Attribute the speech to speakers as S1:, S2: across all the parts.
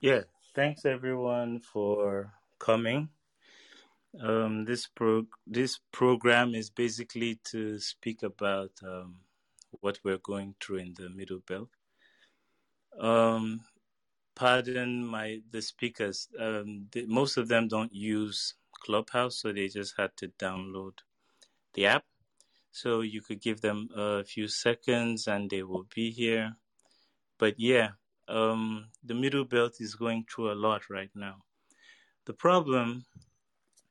S1: Yeah, thanks everyone for coming. Um, this pro this program is basically to speak about um, what we're going through in the Middle Belt. Um, pardon my the speakers. Um, the, most of them don't use Clubhouse, so they just had to download the app. So you could give them a few seconds, and they will be here. But yeah, um, the middle belt is going through a lot right now. The problem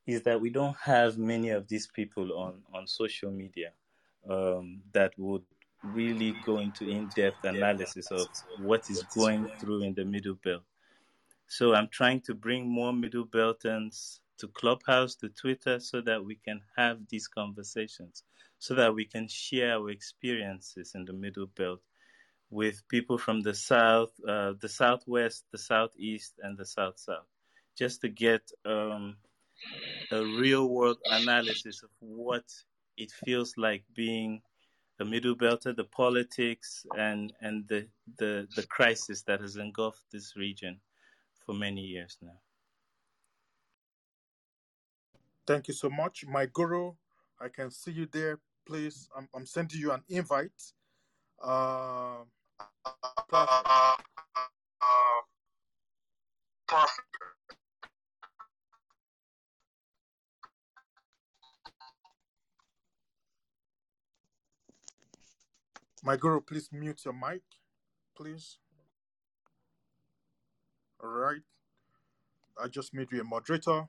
S1: is that we don't have many of these people on, on social media um, that would really go into in depth analysis of what is going through in the middle belt. So I'm trying to bring more middle beltons to Clubhouse, to Twitter, so that we can have these conversations, so that we can share our experiences in the middle belt with people from the south, uh, the southwest, the southeast, and the south south, just to get um, a real world analysis of what it feels like being a middle belter, the politics, and and the the, the crisis that has engulfed this region for many years now.
S2: Thank you so much, my guru. I can see you there. Please, I'm, I'm sending you an invite. Uh perfect. My guru, please mute your mic, please. All right. I just made you a moderator.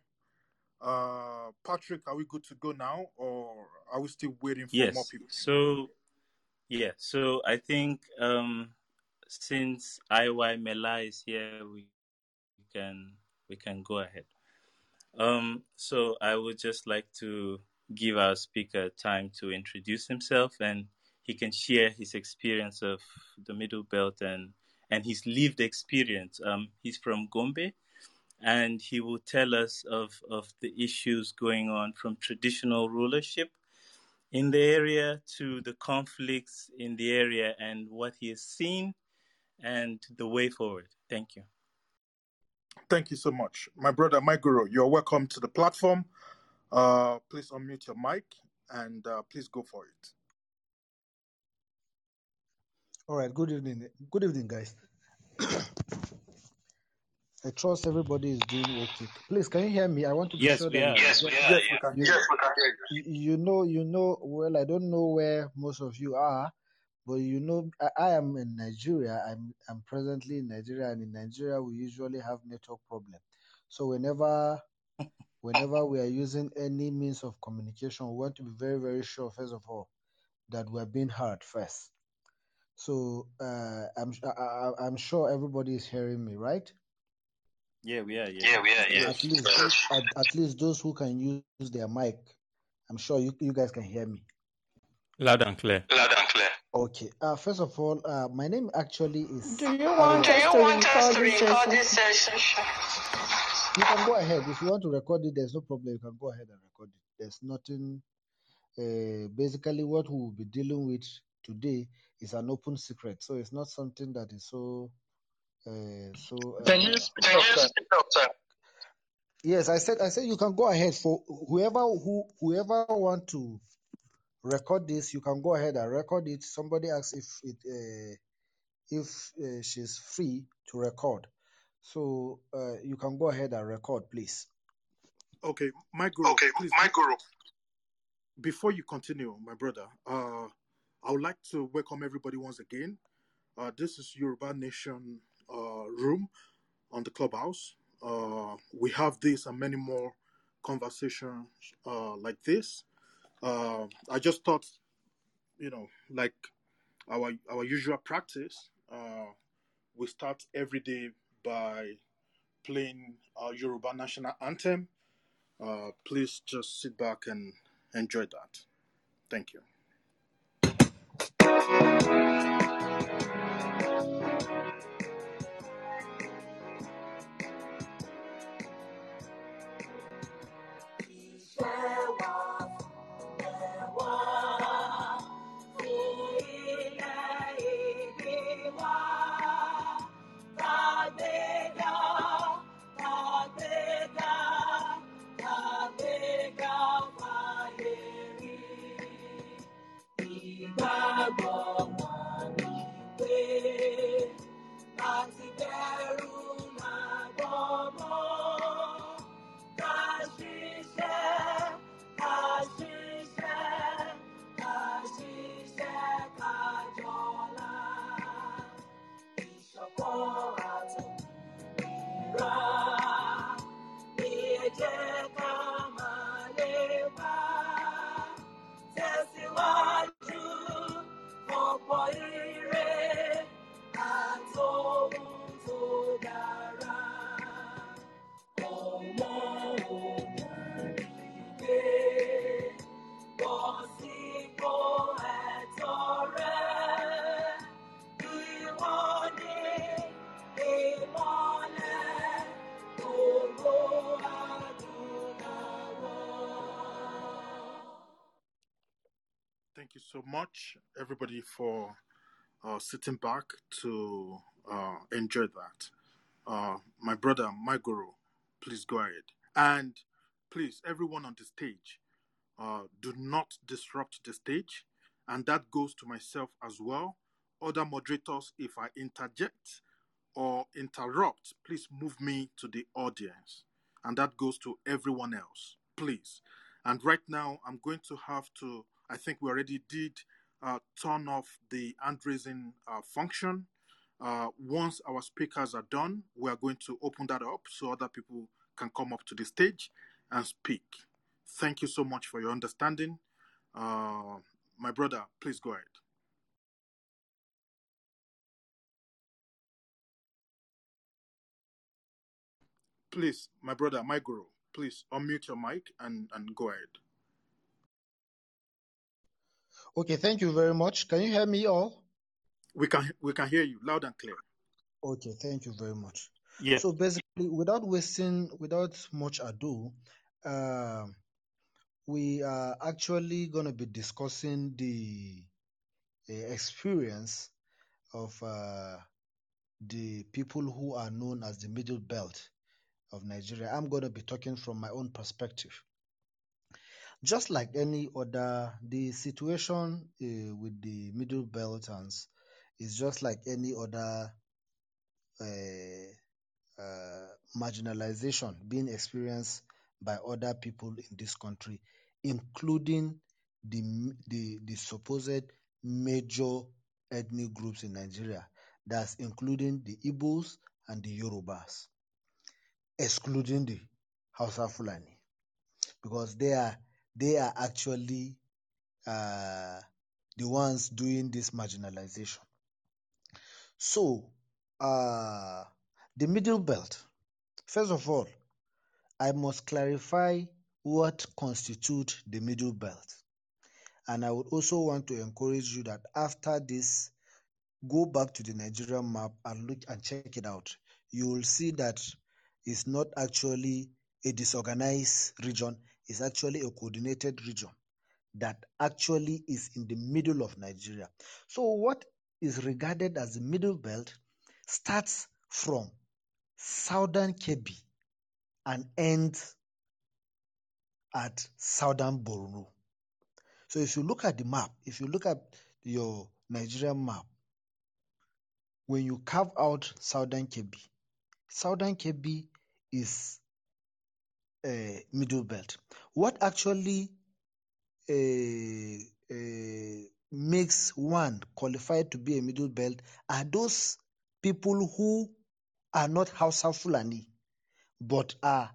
S2: Uh, Patrick, are we good to go now, or are we still waiting for more Yes. people? So
S1: yeah, so I think um, since IY Mela is here, we can we can go ahead. Um, so I would just like to give our speaker time to introduce himself, and he can share his experience of the Middle Belt and and his lived experience. Um, he's from Gombe, and he will tell us of of the issues going on from traditional rulership in the area to the conflicts in the area and what he has seen and the way forward.
S2: Thank you. Thank you so much. My brother, my guru, you're welcome to the platform. Uh, please unmute your mic and uh, please go for it.
S3: All right. Good evening. Good evening, guys. I trust everybody is doing okay. Please, can you hear me? I want to be yes, sure that yes, we yes, can. Yes, we can hear you. know, you know. Well, I don't know where most of you are, but you know, I, I am in Nigeria. I'm I'm presently in Nigeria, and in Nigeria we usually have network problem. So whenever whenever we are using any means of communication, we want to be very very sure first of all that we're being heard first. So uh, I'm I, am i am sure everybody is hearing me, right?
S1: Yeah, we are. Yeah, yeah we are. Yeah.
S3: At least, those, at, at, least those who can use their mic, I'm sure you, you guys can hear me.
S2: Loud and clear. Loud
S4: and clear.
S3: Okay. Uh, first of all, uh, my name actually is. Do you want, do you want us
S4: to record this session?
S3: You can go ahead. If you want to record it, there's no problem. You can go ahead and record it. There's nothing. Uh, basically, what we'll be dealing with today is an open secret. So it's not something that is so uh, so
S4: uh, can you speak up, sir?
S3: Yes, I said I said you can go ahead for whoever who whoever want to record this, you can go ahead and record it. Somebody asked if it uh, if uh, she's free to record, so uh, you can go ahead and record, please.
S2: Okay, my guru. Okay, please, my guru. Before you continue, my brother, uh, I would like to welcome everybody once again. Uh, this is Yoruba Nation uh, room on the clubhouse. Uh, we have this and many more conversations uh, like this. I just thought, you know, like our our usual practice, we start every day by playing our Yoruba national anthem. Uh, please just sit back and enjoy that. Thank you. much, everybody, for uh, sitting back to uh, enjoy that. Uh, my brother, my guru, please go ahead. And please, everyone on the stage, uh, do not disrupt the stage. And that goes to myself as well. Other moderators, if I interject or interrupt, please move me to the audience. And that goes to everyone else, please. And right now, I'm going to have to I think we already did uh, turn off the hand raising uh, function. Uh, once our speakers are done, we are going to open that up so other people can come up to the stage and speak. Thank you so much for your understanding. Uh, my brother, please go ahead. Please, my brother, my guru, please unmute your mic and, and go ahead.
S3: Okay, thank you very much.
S2: Can you hear me all? We can we can hear you loud and clear.
S3: Okay, thank you very much. Yeah. So basically, without wasting, without much ado, uh, we are actually going to be discussing the uh, experience of uh, the people who are known as the Middle Belt of Nigeria. I'm going to be talking from my own perspective. Just like any other the situation uh, with the Middle Beltans is just like any other uh, uh, marginalization being experienced by other people in this country, including the, the, the supposed major ethnic groups in Nigeria. That's including the Igbos and the Yorubas, excluding the Hausa Fulani, because they are they are actually uh, the ones doing this marginalization. So, uh, the middle belt, first of all, I must clarify what constitutes the middle belt. And I would also want to encourage you that after this, go back to the Nigerian map and look and check it out. You will see that it's not actually a disorganized region, is actually a coordinated region that actually is in the middle of Nigeria. So what is regarded as the middle belt starts from southern Kebbi and ends at southern Borno. So if you look at the map, if you look at your Nigerian map, when you carve out southern Kebbi, southern Kebbi is uh, middle belt. What actually uh, uh, makes one qualified to be a middle belt are those people who are not Hausa Fulani, but are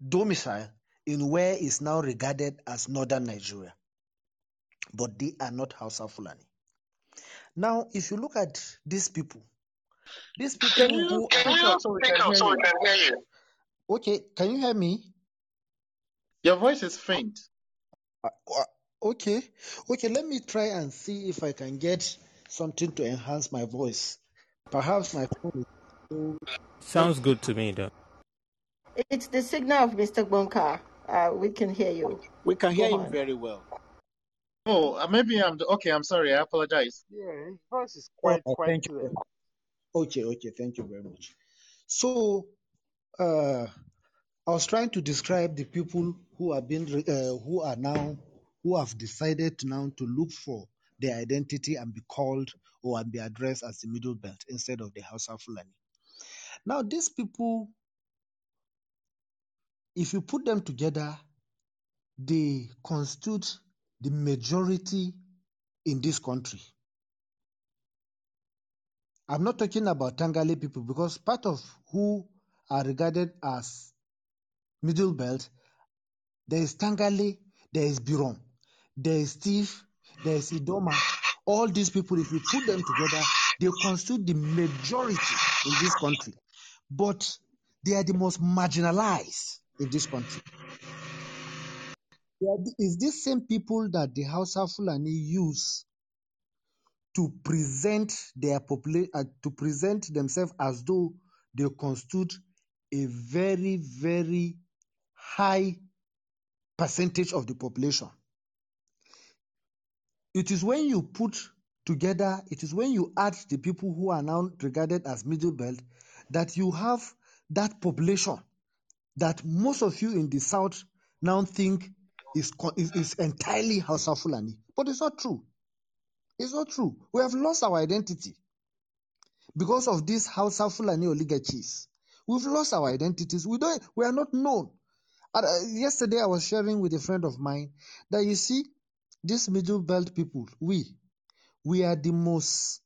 S3: domiciled in where is now regarded as northern Nigeria. But they are not Hausa Fulani. Now, if you look at these people, these people can you, who can speak you, sorry, can, can hear you. Okay, can you hear me?
S2: Your voice is faint.
S3: Uh, uh, Okay, okay, let me try and see if I can get something to enhance my voice. Perhaps my
S1: phone is Sounds good to me, though.
S5: It's the signal of Mr. Bonka. Uh, we can hear you. We can hear him very well. Oh, uh, maybe
S2: I'm the, okay. I'm sorry. I apologize. Yeah, his voice is oh,
S5: quite, Oh, quite thank
S2: you. Okay, okay,
S3: thank you very much. So, uh, I was trying to describe the people who are being uh, who are now who have decided now to look for their identity and be called or be addressed as the middle belt instead of the House of Fulani. Now these people, if you put them together, they constitute the majority in this country. I'm not talking about Tangale people because part of who are regarded as Middle Belt, there is Tangali, there is Birom, there is Steve, there is Idoma. All these people, if you put them together, they constitute the majority in this country. But they are the most marginalized in this country. It's these same people that the House of Fulani use to present their uh, to present themselves as though they constitute a very, very high percentage of the population. It is when you put together, it is when you add the people who are now regarded as middle belt that you have that population that most of you in the south now think is, is, is entirely Hausa Fulani. But it's not true. It's not true. We have lost our identity because of these Hausa Fulani oligarchies. We've lost our identities. We don't. We are not known. And, uh, yesterday, I was sharing with a friend of mine that you see, these middle belt people, we, we are the most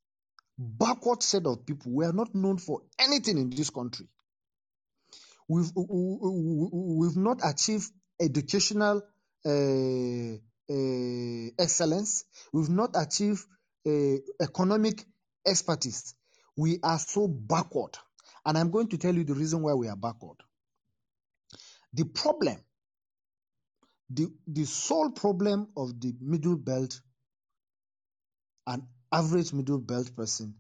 S3: backward set of people. We are not known for anything in this country. We've we've not achieved educational uh, uh, excellence. We've not achieved uh, economic expertise. We are so backward. And I'm going to tell you the reason why we are backward. The problem, the, the sole problem of the middle belt, an average middle belt person,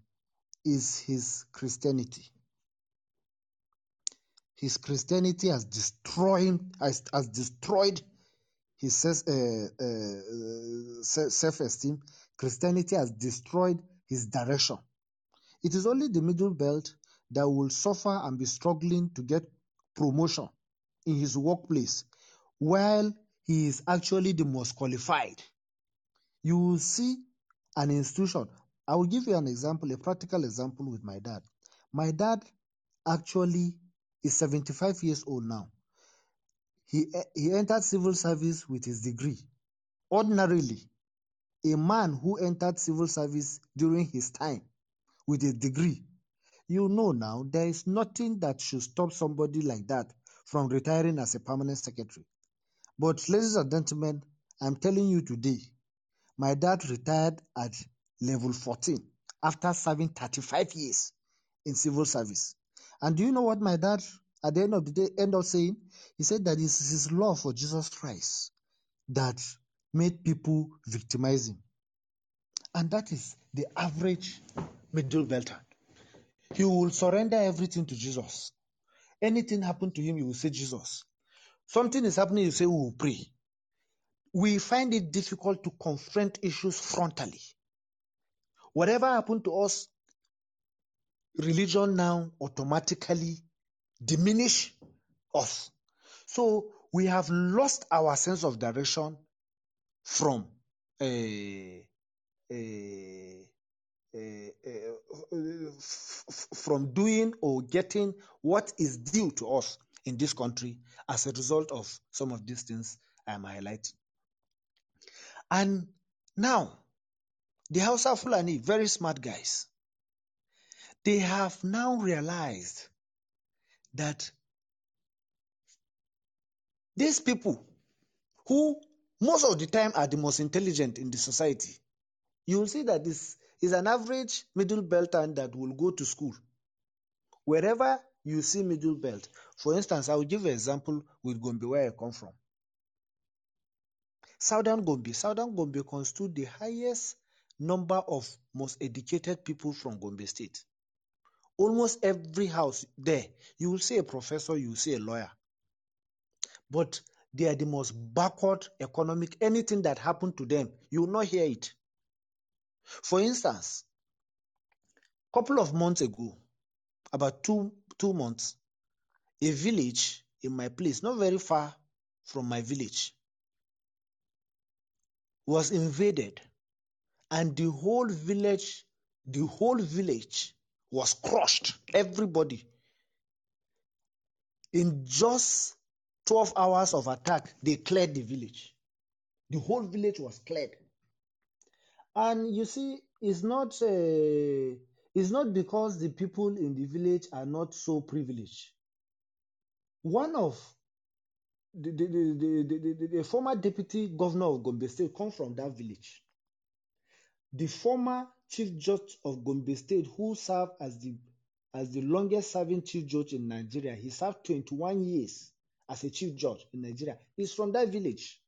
S3: is his Christianity. His Christianity has destroyed, has, has destroyed his self uh, uh, esteem. Christianity has destroyed his direction. It is only the middle belt that will suffer and be struggling to get promotion in his workplace while he is actually the most qualified. You will see an institution. I will give you an example, a practical example with my dad. My dad actually is 75 years old now. He, he entered civil service with his degree. Ordinarily, a man who entered civil service during his time with a degree you know now, there is nothing that should stop somebody like that from retiring as a permanent secretary. But ladies and gentlemen, I'm telling you today, my dad retired at level 14 after serving 35 years in civil service. And do you know what my dad at the end of the day end up saying? He said that it's his love for Jesus Christ that made people victimize him. And that is the average middle belter. He will surrender everything to Jesus. Anything happen to him, you will say Jesus. Something is happening, you say we will pray. We find it difficult to confront issues frontally. Whatever happened to us, religion now automatically diminish us. So we have lost our sense of direction from uh, uh, uh, uh, from doing or getting what is due to us in this country as a result of some of these things I'm highlighting. And now, the House of Fulani, very smart guys, they have now realized that these people who most of the time are the most intelligent in the society, you will see that this is an average middle belter that will go to school. Wherever you see middle belt, for instance, I will give an example with Gombe where I come from. Southern Gombe, Southern Gombe constitutes the highest number of most educated people from Gombe State. Almost every house there, you will see a professor, you will see a lawyer. But they are the most backward economic. Anything that happened to them, you will not hear it. For instance, couple of months ago, about two, two months, a village in my place, not very far from my village, was invaded and the whole village, the whole village was crushed. Everybody. In just 12 hours of attack, they cleared the village. The whole village was cleared. And you see, it's not uh, it's not because the people in the village are not so privileged. One of the, the, the, the, the former deputy governor of Gombe State comes from that village. The former chief judge of Gombe State, who served as the as the longest serving chief judge in Nigeria, he served 21 years as a chief judge in Nigeria, is from that village.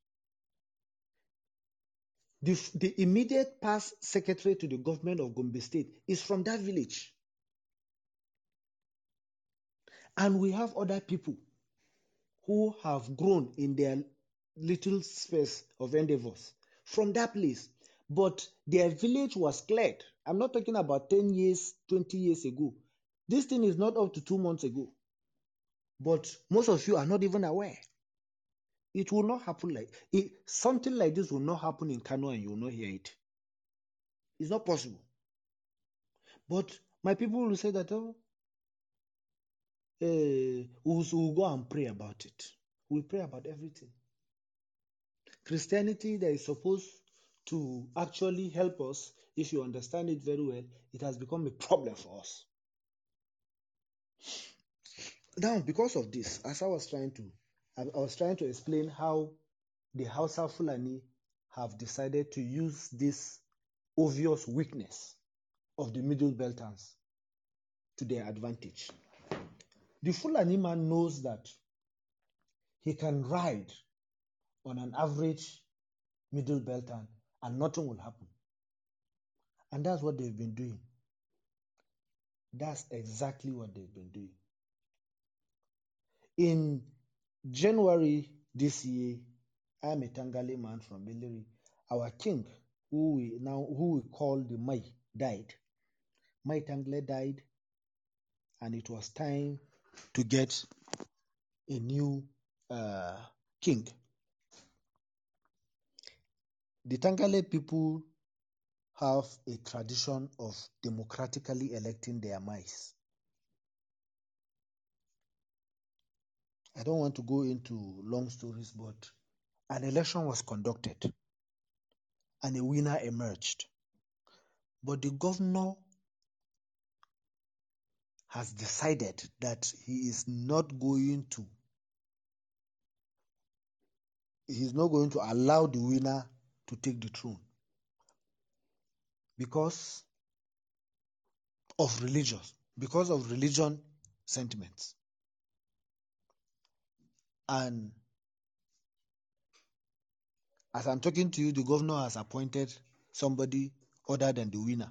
S3: The, the immediate past secretary to the government of Gombe State is from that village. And we have other people who have grown in their little space of endeavors from that place. But their village was cleared. I'm not talking about 10 years, 20 years ago. This thing is not up to two months ago. But most of you are not even aware. It will not happen like it, eh, something like this will not happen in Kano and you will not hear it. It's not possible. But my people will say that oh, uh, eh, we'll, we'll go and pray about it. We pray about everything. Christianity that is supposed to actually help us, if you understand it very well, it has become a problem for us. Now, because of this, as I was trying to I, was trying to explain how the Hausa Fulani have decided to use this obvious weakness of the Middle Beltans to their advantage. The Fulani man knows that he can ride on an average Middle Beltan and nothing will happen. And that's what they've been doing. That's exactly what they've been doing. In January this year, I'm a Tangali man from Beleri. Our king, who we now who we call the Mai, died. Mai Tangle died, and it was time to get a new uh, king. The Tangale people have a tradition of democratically electing their mice. I don't want to go into long stories, but an election was conducted and a winner emerged. But the governor has decided that he is not going to he's not going to allow the winner to take the throne because of religious because of religion sentiments and as I'm talking to you, the governor has appointed somebody other than the winner,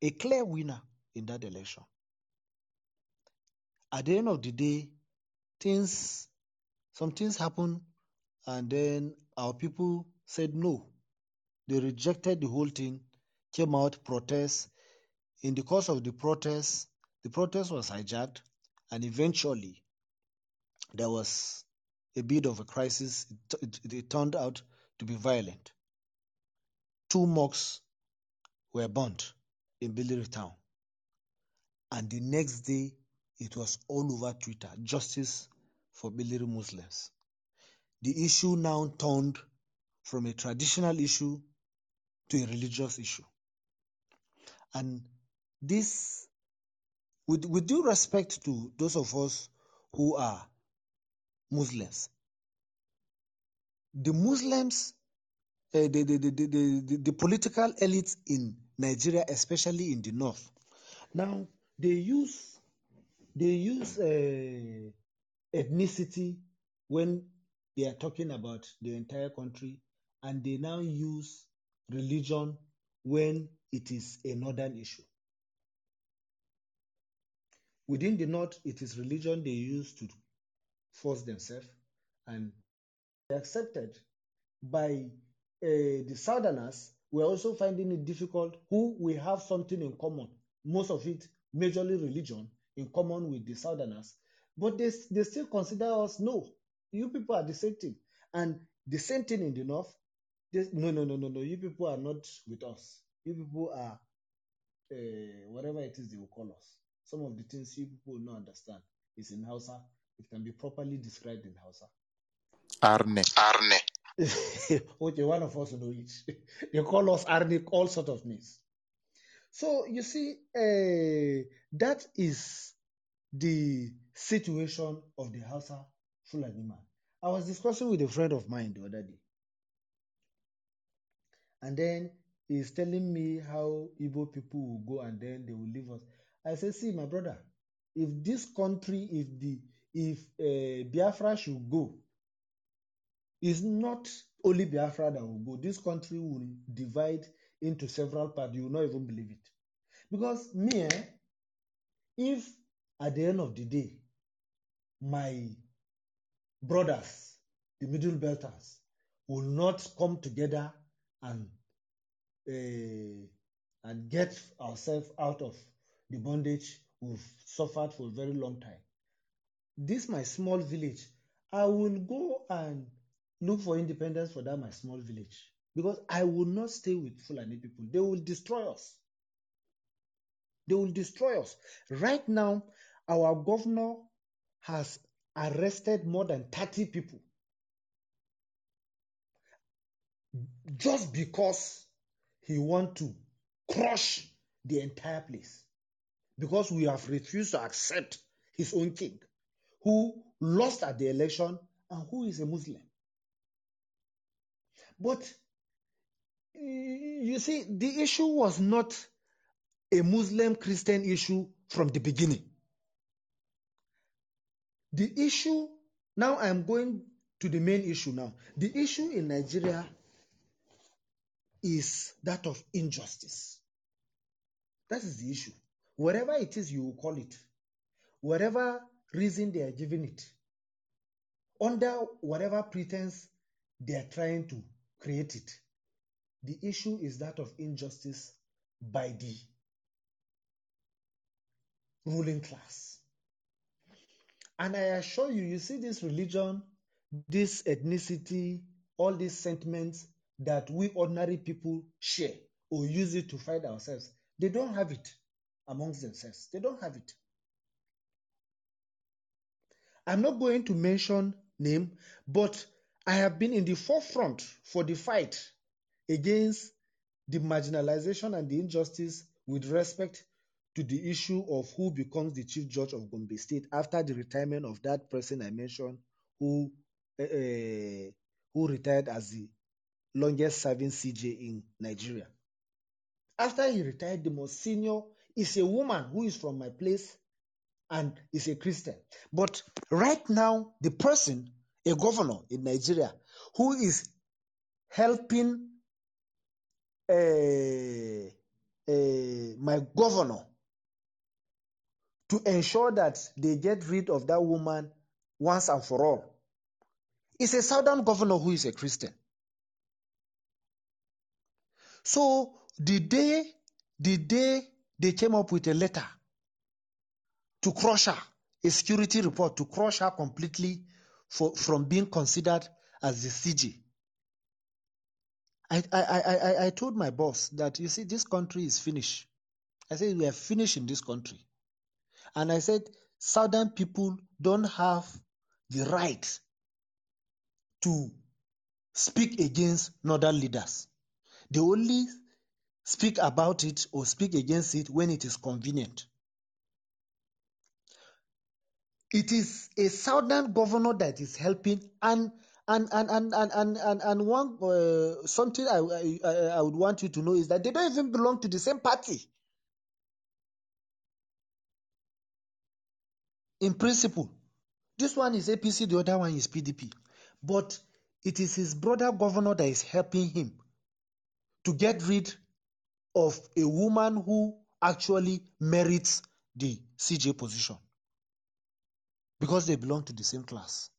S3: a clear winner in that election. At the end of the day, things, some things happen, and then our people said no. They rejected the whole thing, came out, protest. In the course of the protest, the protest was hijacked, and eventually there was a bit of a crisis. It, it, it turned out to be violent. Two monks were burnt in Biliri town. And the next day, it was all over Twitter justice for Biliri Muslims. The issue now turned from a traditional issue to a religious issue. And this, with, with due respect to those of us who are Muslims. The Muslims, uh, the, the, the, the, the political elites in Nigeria, especially in the north, now they use they use uh, ethnicity when they are talking about the entire country, and they now use religion when it is a northern issue. Within the north, it is religion they use to force themselves and accepted by uh, the southerners we're also finding it difficult who we have something in common most of it majorly religion in common with the southerners but they, they still consider us no you people are the same thing and the same thing in the north they, no no no no no you people are not with us you people are uh, whatever it is they will call us some of the things you people will not understand is in hausa it can be properly described in Hausa.
S4: Arne. Arne.
S3: okay, one of us know it. they call us Arne all sort of names. So you see, uh, that is the situation of the Hausa Fulani man. I was discussing with a friend of mine the other day, and then he's telling me how Igbo people will go and then they will leave us. I say, see, my brother, if this country, if the if uh, Biafra should go, it's not only Biafra that will go. This country will divide into several parts. You will not even believe it. Because me, eh, if at the end of the day, my brothers, the middle belters, will not come together and uh, and get ourselves out of the bondage we've suffered for a very long time. This my small village. I will go and look for independence for that my small village because I will not stay with Fulani people. They will destroy us. They will destroy us. Right now, our governor has arrested more than 30 people just because he want to crush the entire place because we have refused to accept his own king who lost at the election and who is a Muslim. But you see, the issue was not a Muslim Christian issue from the beginning. The issue, now I'm going to the main issue now. The issue in Nigeria is that of injustice. That is the issue. Whatever it is you call it, whatever reason they are giving it, under whatever pretense they are trying to create it. The issue is that of injustice by the ruling class. And I assure you, you see this religion, this ethnicity, all these sentiments that we ordinary people share or use it to find ourselves, they don't have it amongst themselves. They don't have it. I'm not going to mention name, but I have been in the forefront for the fight against the marginalization and the injustice with respect to the issue of who becomes the chief judge of Gombe State after the retirement of that person I mentioned who uh, who retired as the longest serving CJ in Nigeria. After he retired, the most senior is a woman who is from my place and is a Christian. But right now, the person, a governor in Nigeria, who is helping uh, uh, my governor to ensure that they get rid of that woman once and for all, is a southern governor who is a Christian. So the day, the day they came up with a letter to crush her, a security report to crush her completely for, from being considered as the CG. I, I, I, I, I told my boss that, you see, this country is finished. I said, we are finished in this country. And I said, Southern people don't have the right to speak against Northern leaders. They only speak about it or speak against it when it is convenient. It is a southern governor that is helping and and and and and and, and, and one uh, something I, I I would want you to know is that they don't even belong to the same party in principle. This one is APC, the other one is PDP, but it is his brother governor that is helping him to get rid of a woman who actually merits the CJ position because they belong to the same class.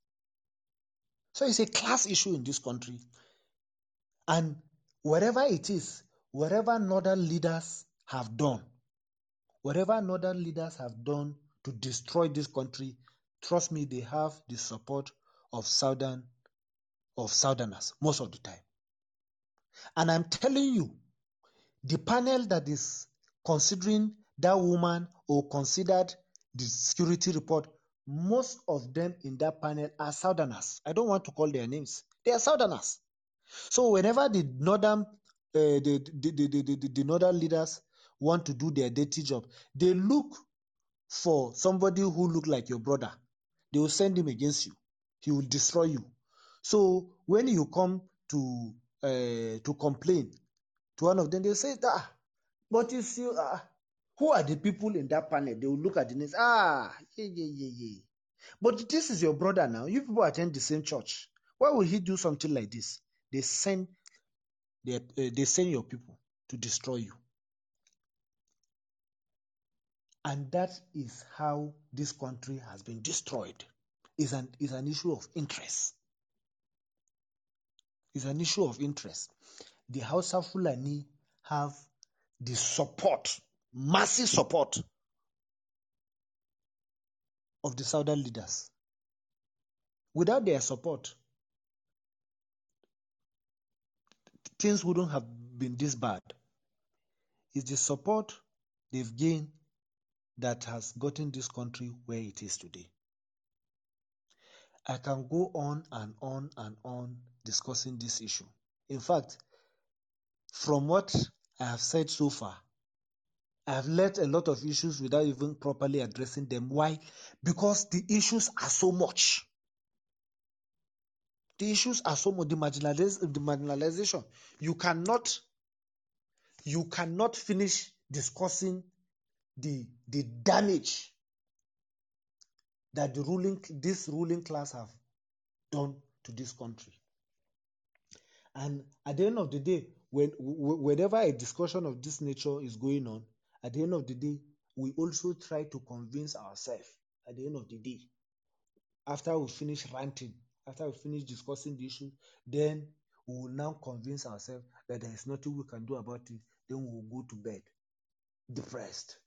S3: So it's a class issue in this country. And wherever it is, wherever northern leaders have done, wherever northern leaders have done to destroy this country, trust me, they have the support of southern of southerners most of the time. And I'm telling you, the panel that is considering that woman or considered the security report most of them in that panel are Southerners. I don't want to call their names. They are Southerners. So whenever the northern uh, the, the, the, the, the, the northern leaders want to do their dirty job, they look for somebody who look like your brother. They will send him against you. He will destroy you. So when you come to uh, to complain to one of them, they say, ah, but you see, ah, who are the people in that panel? They will look at the names. Ah, yeah, yeah, yeah, yeah. But this is your brother now. You people attend the same church. Why would he do something like this? They send, they, uh, they send your people to destroy you. And that is how this country has been destroyed. Is an, is an issue of interest. It's an issue of interest. The House of Fulani have the support massive support of the southern leaders. Without their support, things wouldn't have been this bad. It's the support they've gained that has gotten this country where it is today. I can go on and on and on discussing this issue. In fact, from what I have said so far, I have let a lot of issues without even properly addressing them. Why? Because the issues are so much. The issues are so much. The, marginaliz- the marginalization. You cannot, you cannot finish discussing the the damage that the ruling this ruling class have done to this country. And at the end of the day, when, whenever a discussion of this nature is going on, at the end of the day, we also try to convince ourselves at the end of the day. After we finish ranting, after we finish discussing the issue, then we will now convince ourselves that there is nothing we can do about it. Then we will go to bed depressed.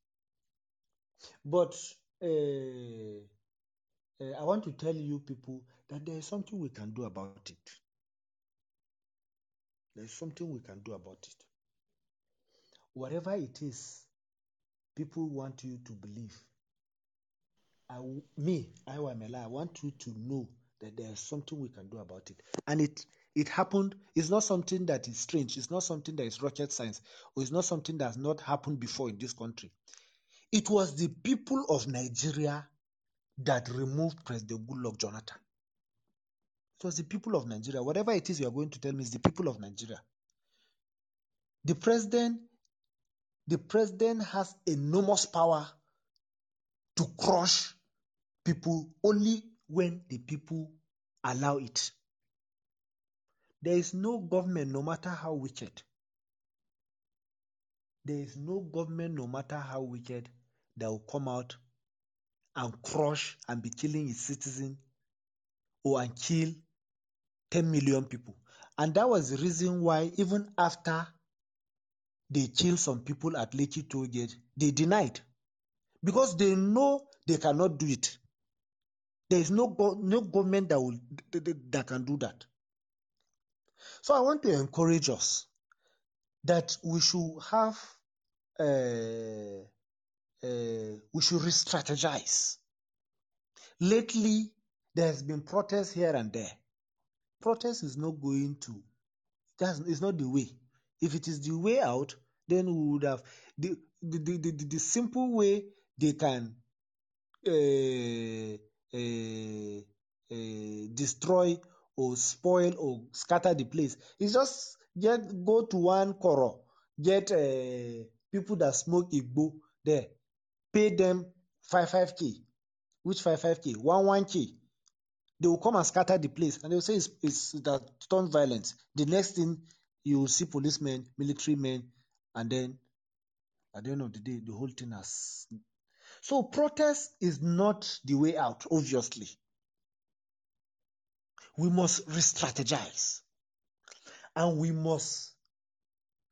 S3: But uh, uh, I want to tell you people that there is something we can do about it. There is something we can do about it. Whatever it is people want you to believe. I, me, I I want you to know that there is something we can do about it. And it it happened. It's not something that is strange. It's not something that is rocket science. Or it's not something that has not happened before in this country. It was the people of Nigeria that removed President Goodluck Jonathan. It was the people of Nigeria. Whatever it is you are going to tell me is the people of Nigeria. The president the president has enormous power to crush people only when the people allow it. There is no government, no matter how wicked, there is no government, no matter how wicked, that will come out and crush and be killing its citizens or and kill 10 million people. And that was the reason why, even after they killed some people at Lekki toll they denied because they know they cannot do it. There is no go- no government that will that can do that. So I want to encourage us that we should have uh, uh, we should re-strategize. Lately, there has been protests here and there. Protest is not going to that's it's not the way. If it is the way out, then we would have the the, the, the, the simple way they can uh, uh, uh, destroy or spoil or scatter the place is just get go to one koro get people that smoke igbo there pay them five five k which five five k one one k they will come and scatter the place and they will say it's, it's that turn violence the next thing you will see policemen military men and then at the end of the day, the whole thing has. So protest is not the way out, obviously. We must re strategize and we must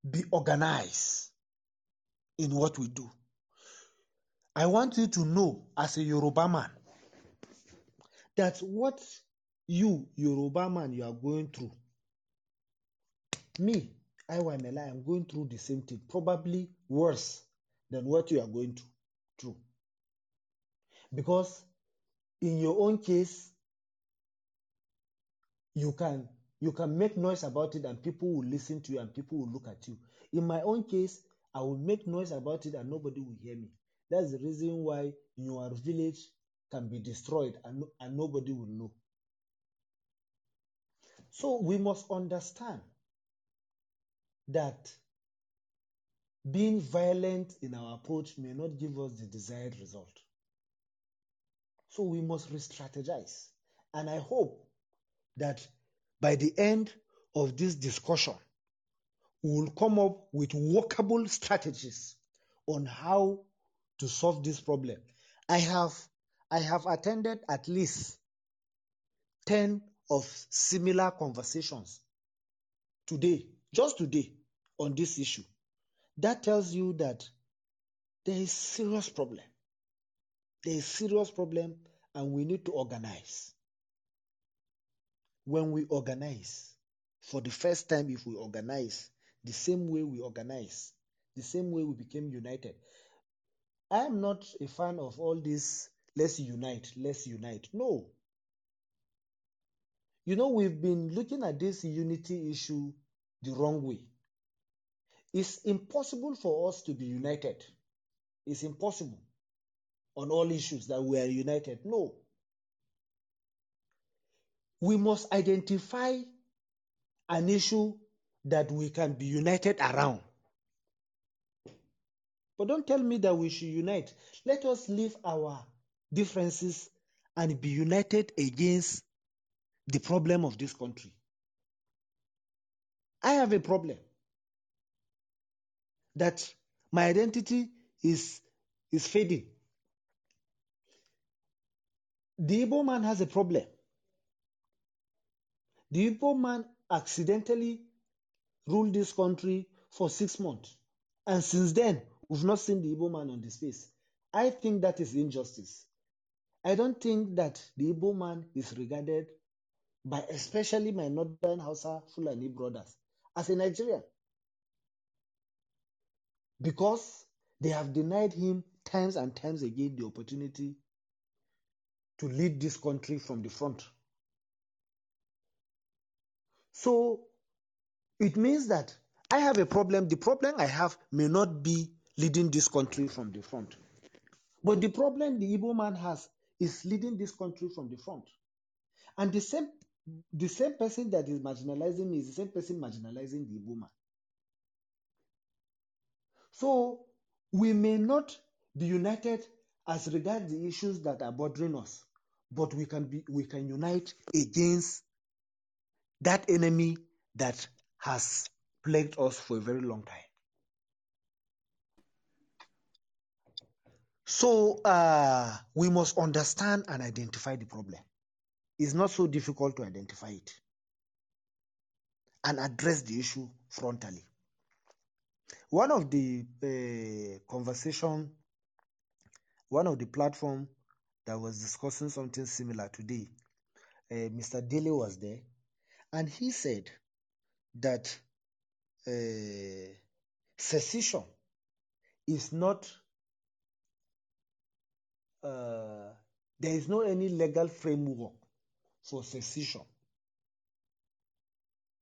S3: be organized in what we do. I want you to know, as a Yoruba man, that what you, Yoruba man, you are going through, me, I, am going through the same thing, probably worse than what you are going to, through. Because in your own case, you can you can make noise about it and people will listen to you and people will look at you. In my own case, I will make noise about it and nobody will hear me. That's the reason why your village can be destroyed and, and nobody will know. So we must understand that being violent in our approach may not give us the desired result. So we must re strategize. And I hope that by the end of this discussion, we will come up with workable strategies on how to solve this problem. I have, I have attended at least 10 of similar conversations today, just today, on this issue, that tells you that there is serious problem. There is serious problem and we need to organize. When we organize, for the first time, if we organize the same way we organize, the same way we became united. I am not a fan of all this let's unite, let's unite. No. You know, we've been looking at this unity issue the wrong way. It's impossible for us to be united. It's impossible on all issues that we are united. No. We must identify an issue that we can be united around. But don't tell me that we should unite. Let us leave our differences and be united against the problem of this country. I have a problem that my identity is is fading. The Igbo man has a problem. The Igbo man accidentally ruled this country for six months. And since then, we've not seen the Igbo man on this face. I think that is injustice. I don't think that the Igbo man is regarded by especially my northern Hausa Fulani brothers as a Nigerian because they have denied him times and times again the opportunity to lead this country from the front. So it means that I have a problem. The problem I have may not be leading this country from the front. But the problem the Igbo man has is leading this country from the front. And the same the same person that is marginalizing me is the same person marginalizing the Igbo man. So we may not be united as regards the issues that are bothering us, but we can be we can unite against that enemy that has plagued us for a very long time. So uh, we must understand and identify the problem. It's not so difficult to identify it and address the issue frontally. One of the uh, conversation, one of the platform that was discussing something similar today, uh, eh, Mr. Daley was there, and he said that uh, secession is not uh, there is no any legal framework for secession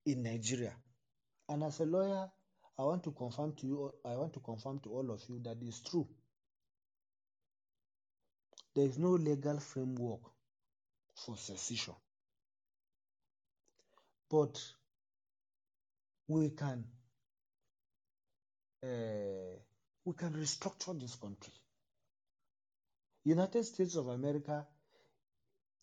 S3: in Nigeria. And as a lawyer, I want to confirm to you, I want to confirm to all of you that it's true. There is no legal framework for secession. But we can uh, we can restructure this country. United States of America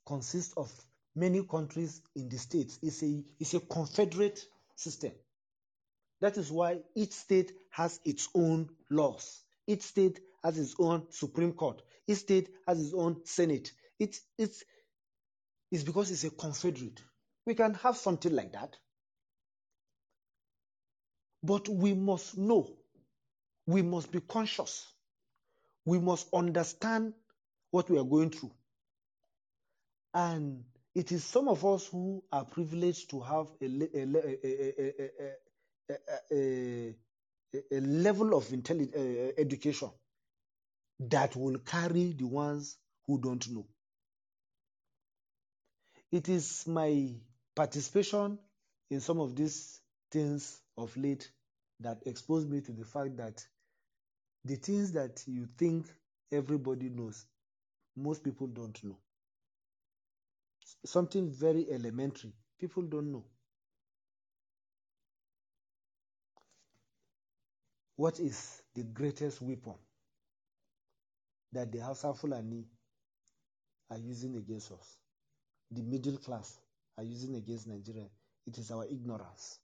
S3: consists of many countries in the states. It's a, it's a confederate system. That is why each state has its own laws. Each state has its own Supreme Court. Each state has its own Senate. It, it's, it's because it's a confederate. We can have something like that. But we must know, we must be conscious, we must understand what we are going through. And it is some of us who are privileged to have a, a, a, a, a level of intelli- uh, education that will carry the ones who don't know. It is my participation in some of these things of late that exposed me to the fact that the things that you think everybody knows, most people don't know. Something very elementary, people don't know. what is the greatest weapon that the Hausa Fulani are using against us? The middle class are using against Nigeria. It is our ignorance.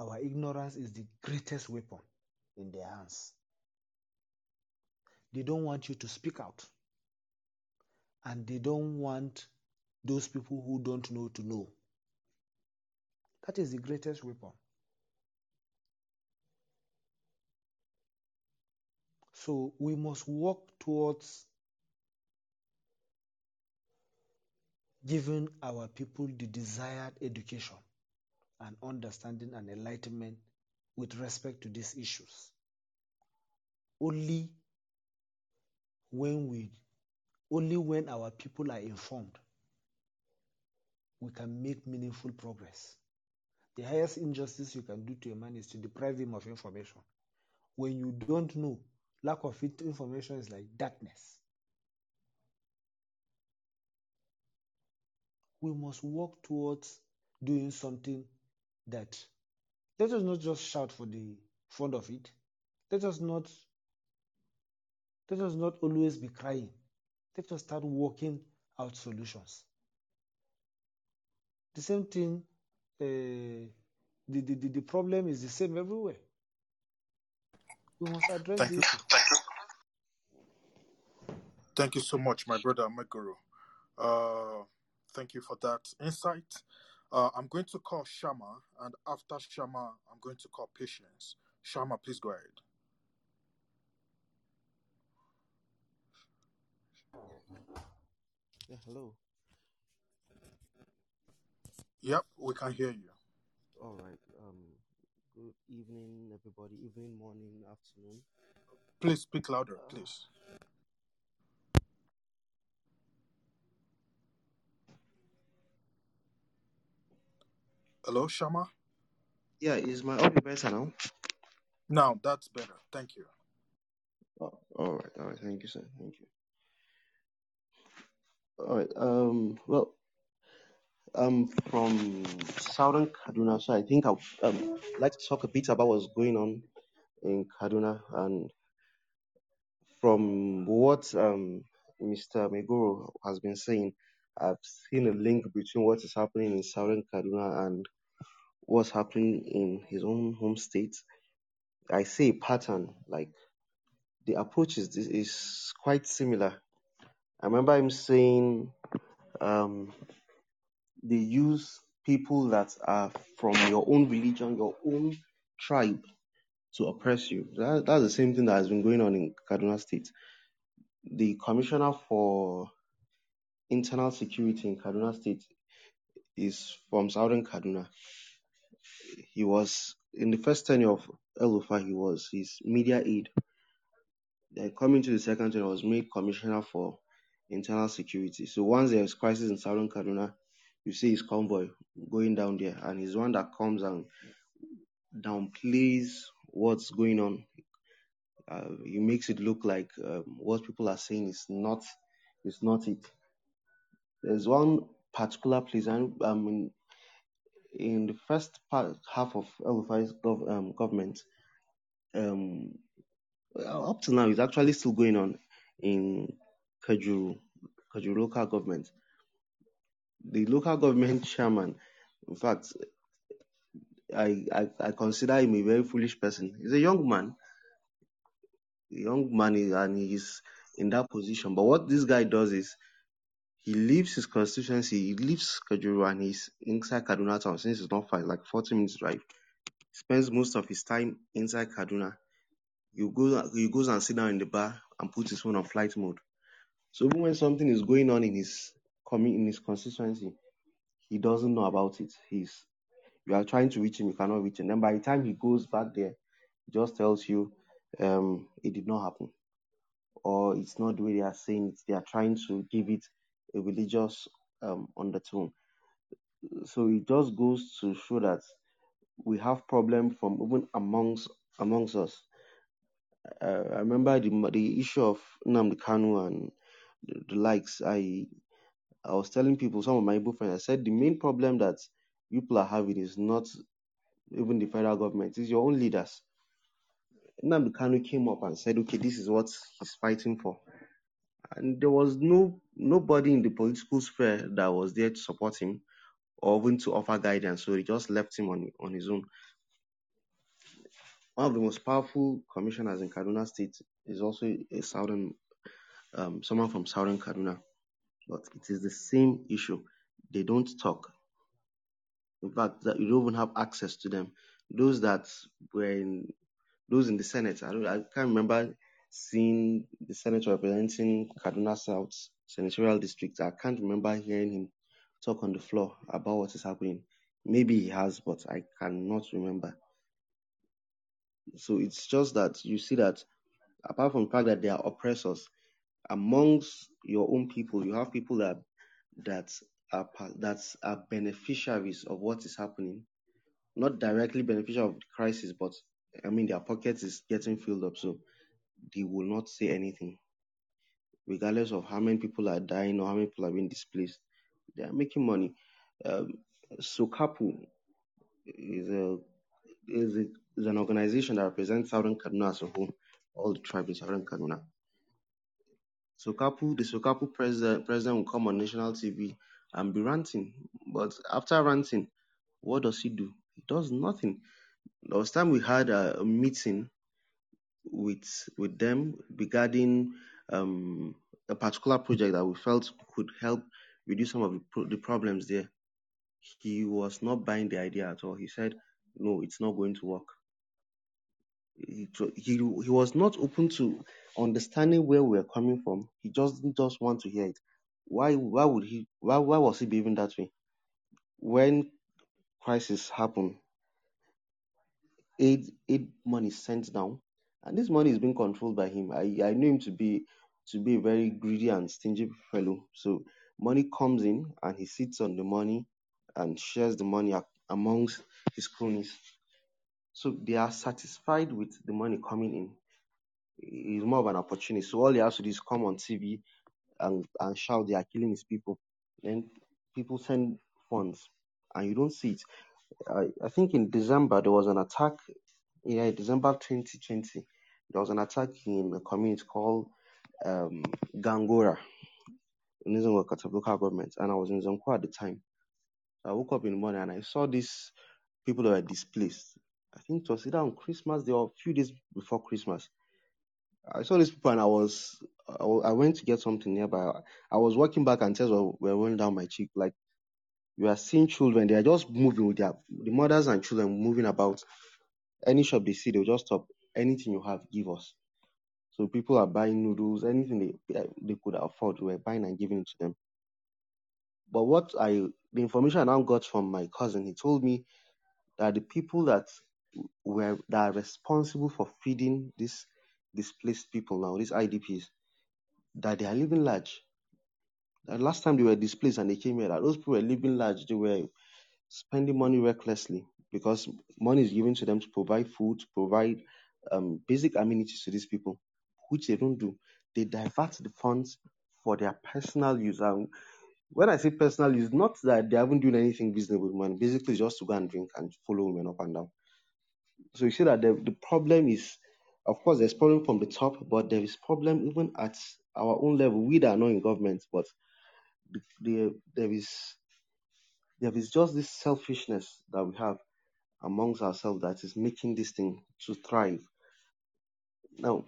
S3: Our ignorance is the greatest weapon in their hands. They don't want you to speak out. And they don't want those people who don't know to know. That is the greatest weapon. So we must work towards giving our people the desired education and understanding and enlightenment with respect to these issues. Only when we only when our people are informed we can make meaningful progress. The highest injustice you can do to a man is to deprive him of information. When you don't know, lack of information is like darkness. We must work towards doing something that let us not just shout for the front of it. Let us not let us not always be crying. Let us start working out solutions. The same thing, uh, the, the, the problem is the same everywhere we must address Thank this. You. Thank you.
S2: Thank you so much, my brother my Uh, thank you for that insight. Uh, I'm going to call Shama, and after Shama, I'm going to call Patience. Shama, please go ahead. Yeah, hello. Yep, we can hear you.
S6: All right. Good evening, everybody. Evening, morning, afternoon.
S2: Please speak louder, uh, please. Hello, Shama? Yeah, is my audio better now? Now, that's better. Thank you.
S6: Oh, all right, all right. Thank you, sir. Thank you. All right. Um. Well, I'm um, from southern Kaduna, so I think I'd um, like to talk a bit about what's going on in Kaduna. And from what um, Mr. Megoro has been saying, I've seen a link between what is happening in southern Kaduna and what's happening in his own home state. I see a pattern, like the approach is, is quite similar. I remember him saying, um, they use people that are from your own religion, your own tribe to oppress you. That, that's the same thing that has been going on in Kaduna State. The commissioner for internal security in Kaduna State is from Southern Kaduna. He was in the first tenure of Elufa, he was his media aide. Then coming to the second tenure, was made commissioner for internal security. So once there was crisis in Southern Kaduna, you see his convoy going down there, and he's the one that comes and downplays what's going on. Uh, he makes it look like um, what people are saying is not is not it. There's one particular place, and um, I mean, in the first part, half of Elufai's gov- um, government, um, up to now, is actually still going on in Kajuru, Kajuru local government the local government chairman, in fact, I, I, I consider him a very foolish person. He's a young man, a young man, and he's in that position. But what this guy does is he leaves his constituency, he leaves Kajuru, and he's inside Kaduna town since it's not far, like 40 minutes drive. Spends most of his time inside Kaduna. He goes he goes and sit down in the bar and puts his phone on flight mode. So even when something is going on in his coming in his constituency, he doesn't know about it. He's you are trying to reach him, you cannot reach him. And by the time he goes back there, he just tells you um, it did not happen, or it's not the way they are saying it. They are trying to give it a religious um, undertone. So it just goes to show that we have problem from even amongst amongst us. Uh, I remember the the issue of Nnamdi Kanu and the, the likes. I I was telling people, some of my Igbo friends, I said the main problem that people are having is not even the federal government, it's your own leaders. Nnamdi Kanu came up and said, okay, this is what he's fighting for. And there was no nobody in the political sphere that was there to support him or even to offer guidance. So they just left him on, on his own. One of the most powerful commissioners in Kaduna State is also a southern, um, someone from southern Kaduna but it is the same issue. They don't talk. In fact, that you don't even have access to them. Those that were in, those in the Senate, I, don't, I can't remember seeing the senator representing Kaduna South senatorial district. I can't remember hearing him talk on the floor about what is happening. Maybe he has, but I cannot remember. So it's just that you see that apart from the fact that they are oppressors, amongst your own people, you have people that that are that are beneficiaries of what is happening, not directly beneficial of the crisis, but I mean their pockets is getting filled up, so they will not say anything, regardless of how many people are dying or how many people are being displaced. They are making money. Um, Sokapu is a is, a, is an organization that represents Southern Kaduna as a whole, all the tribes in Southern Kaduna. Sokapu, the Sokapu president, president will come on national TV and be ranting. But after ranting, what does he do? He does nothing. Last time we had a, uh, a meeting with with them regarding um, a particular project that we felt could help reduce some of the, pro- the problems there. He was not buying the idea at all. He said, "No, it's not going to work." He, he was not open to understanding where we were coming from. He just didn't just want to hear it. Why why would he why why was he behaving that way? When crisis happened, aid aid money sent down, and this money is being controlled by him. I I knew him to be to be a very greedy and stingy fellow. So money comes in and he sits on the money and shares the money amongst his cronies. So they are satisfied with the money coming in. It's more of an opportunity. So all they have to do is come on TV and, and shout they are killing these people. Then people send funds and you don't see it. I, I think in December there was an attack. Yeah, December 2020, there was an attack in a community called um, Gangora in the local government, and I was in Zonko at the time. I woke up in the morning and I saw these people that were displaced. I think it was either on Christmas Day or a few days before Christmas. I saw these people and I was, I went to get something nearby. I was walking back and tears were rolling down my cheek. Like you are seeing children, they are just moving with their, the mothers and children moving about. Any shop they see, they'll just stop. Anything you have, give us. So people are buying noodles, anything they, eh, they could afford, they were buying and giving it to them. But what I, the information I now got from my cousin, he told me that the people that were that are responsible for feeding these displaced people now, these IDPs, that they are living large. The last time they were displaced and they came here, that those people were living large. They were spending money recklessly because money is given to them to provide food, to provide um, basic amenities to these people, which they don't do. They divert the funds for their personal use. And when I say personal use, not that they haven't done anything business with money. Basically, it's just to go and drink and follow women up and down. So you see that the, the problem is, of course, there's problem from the top, but there is problem even at our own level. We that are not in government, but the, the, there is there is just this selfishness that we have amongst ourselves that is making this thing to thrive. Now,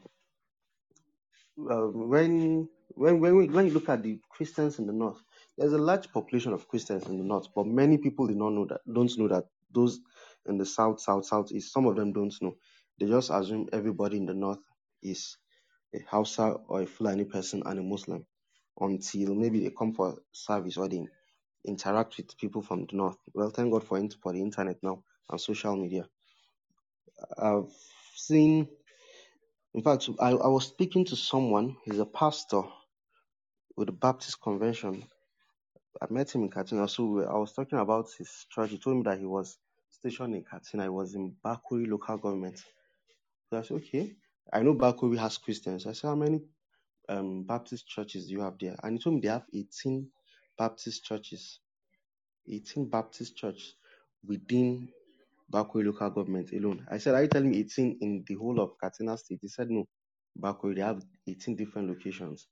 S6: uh, when when when we, when you look at the Christians in the north, there's a large population of Christians in the north, but many people do not know that don't know that those in the south, south, southeast, some of them don't know. They just assume everybody in the north is a Hausa or a Fulani person and a Muslim until maybe they come for service or they interact with people from the north. Well, thank God for, for the internet now and social media. I've seen, in fact, I, I was speaking to someone, he's a pastor with the Baptist Convention. I met him in Katina, so I was talking about his church. He told me that he was station in Katsina. I was in Bakuri local government. So I said, okay, I know Bakuri has Christians. I said, how many um, Baptist churches do you have there? And he told me they have 18 Baptist churches, 18 Baptist church within Bakuri local government alone. I said, are you telling me 18 in the whole of Katsina state? He said, no, Bakuri, they have 18 different locations.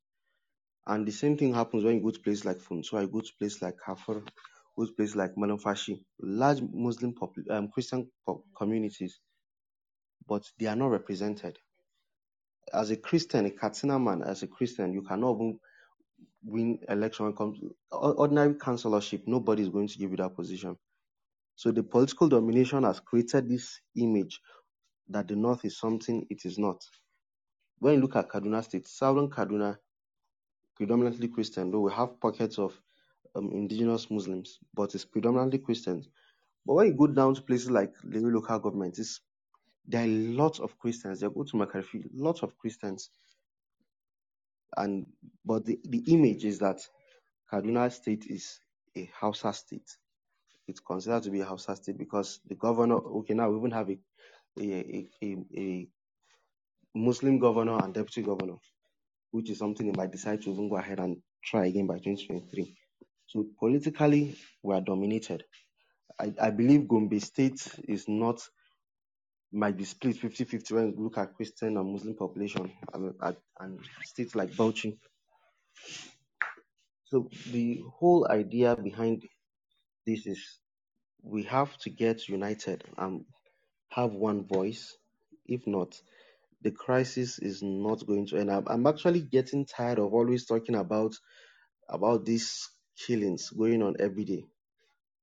S6: And the same thing happens when you go to places like Fun. So I go to places like Kafur, host places like Malumfashi, large Muslim popu- um, Christian po- communities, but they are not represented. As a Christian, a Katsina man, as a Christian, you cannot even win election when it comes ordinary councillorship. Nobody is going to give you that position. So the political domination has created this image that the North is something it is not. When you look at Kaduna State, Southern Kaduna, predominantly Christian, though we have pockets of um, indigenous Muslims, but it's predominantly Christians. But when you go down to places like the local government, it's, there are lots of Christians. They go to Makarfi, lots of Christians. And but the, the image is that Kaduna State is a Hausa state. It's considered to be a Hausa state because the governor. Okay, now we even have a a, a, a, a Muslim governor and deputy governor, which is something they might decide to even go ahead and try again by 2023. So politically, we are dominated. I, I believe Gombe State is not might be split 50-50 when you look at Christian and Muslim population and, and- states like Bauchi. So the whole idea behind this is we have to get united and have one voice. If not, the crisis is not going to end. I'm actually getting tired of always talking about about this killings going on every day,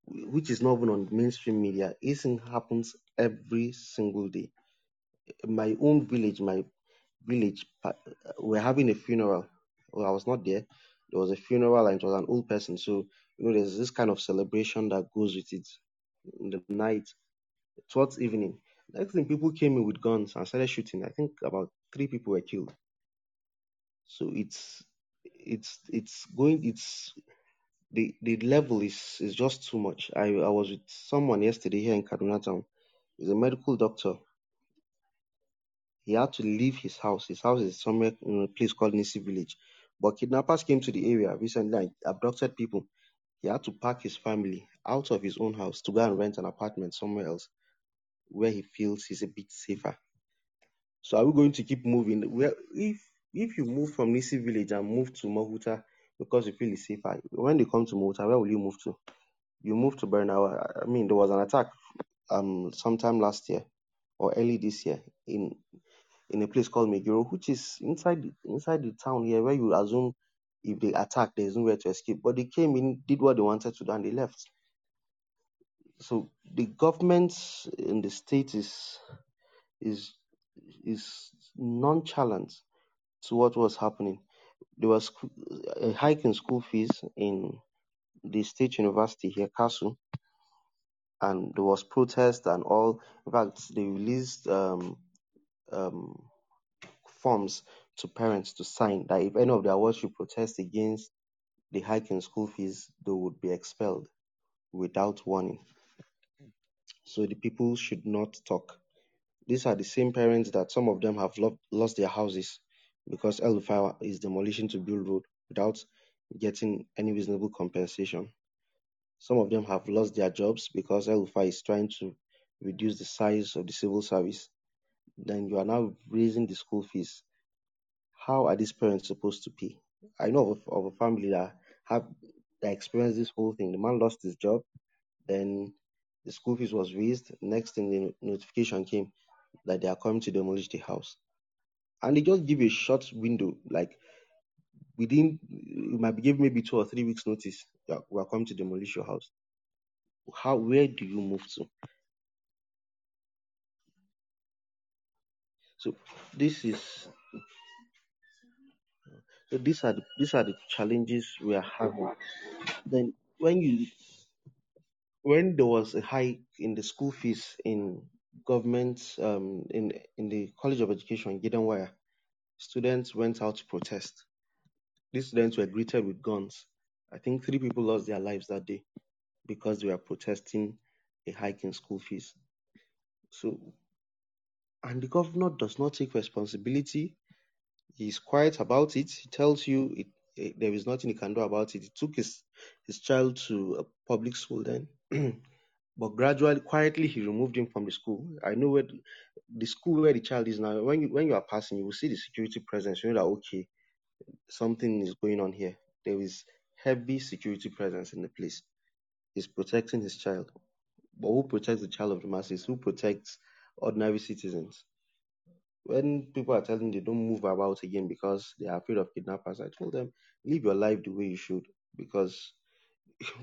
S6: which is not even on mainstream media. This thing happens every single day. My own village, my village, uh, we're having a funeral. Well, I was not there. There was a funeral and it was an old person. So, you know, there's this kind of celebration that goes with it in the night, towards evening. Next thing, people came in with guns and started shooting. I think about three people were killed. So it's it's it's going it's the the level is is just too much. I I was with someone yesterday here in Kaduna town. He's a medical doctor. He had to leave his house. His house is somewhere in a place called Nisi Village. But kidnappers came to the area recently and abducted people. He had to pack his family out of his own house to go and rent an apartment somewhere else where he feels he's a bit safer. So are we going to keep moving? Well, if if you move from Nisi Village and move to Mahuta, because you feel it's safer. When they come to Mota, where will you move to? You move to Bernawa. I mean, there was an attack um sometime last year or early this year in in a place called Meguro, which is inside the, inside the town here, where you assume if they attack, there's nowhere to escape. But they came in, did what they wanted to do, and they left. So the government in the state is is is nonchalant to what was happening. There was a hike in school fees in the state university here, Castle, and there was protest and all. In fact, they released um, um, forms to parents to sign that if any of their wards should protest against the hike in school fees, they would be expelled without warning. So the people should not talk. These are the same parents that some of them have lo- lost their houses because hellfire is demolition to build road without getting any reasonable compensation. Some of them have lost their jobs because hellfire is trying to reduce the size of the civil service. Then you are now raising the school fees. How are these parents supposed to pay? I know of, of a family that have that experienced this whole thing. The man lost his job, then the school fees was raised. Next thing, the notification came that they are coming to demolish the house and they just give a short window, like within you might give maybe two or three weeks notice that we are coming to demolish your house. How where do you move to? So this is so these are the, these are the challenges we are having. Then when you when there was a hike in the school fees in government um, in in the College of Education, Gidenwaya, students went out to protest. These students were greeted with guns. I think three people lost their lives that day because they were protesting a hike in school fees. So, and the governor does not take responsibility. He's quiet about it. He tells you it, there is nothing he can do about it. He took his, his child to a public school then. But gradually, quietly, he removed him from the school. I know where the, school where the child is now. When you when you are passing, you will see the security presence. You know that okay, something is going on here. There is heavy security presence in the place. He's protecting his child. But who protects the child of the masses? Who protects ordinary citizens? When people are telling they don't move about again because they are afraid of kidnappers, I told them, live your life the way you should because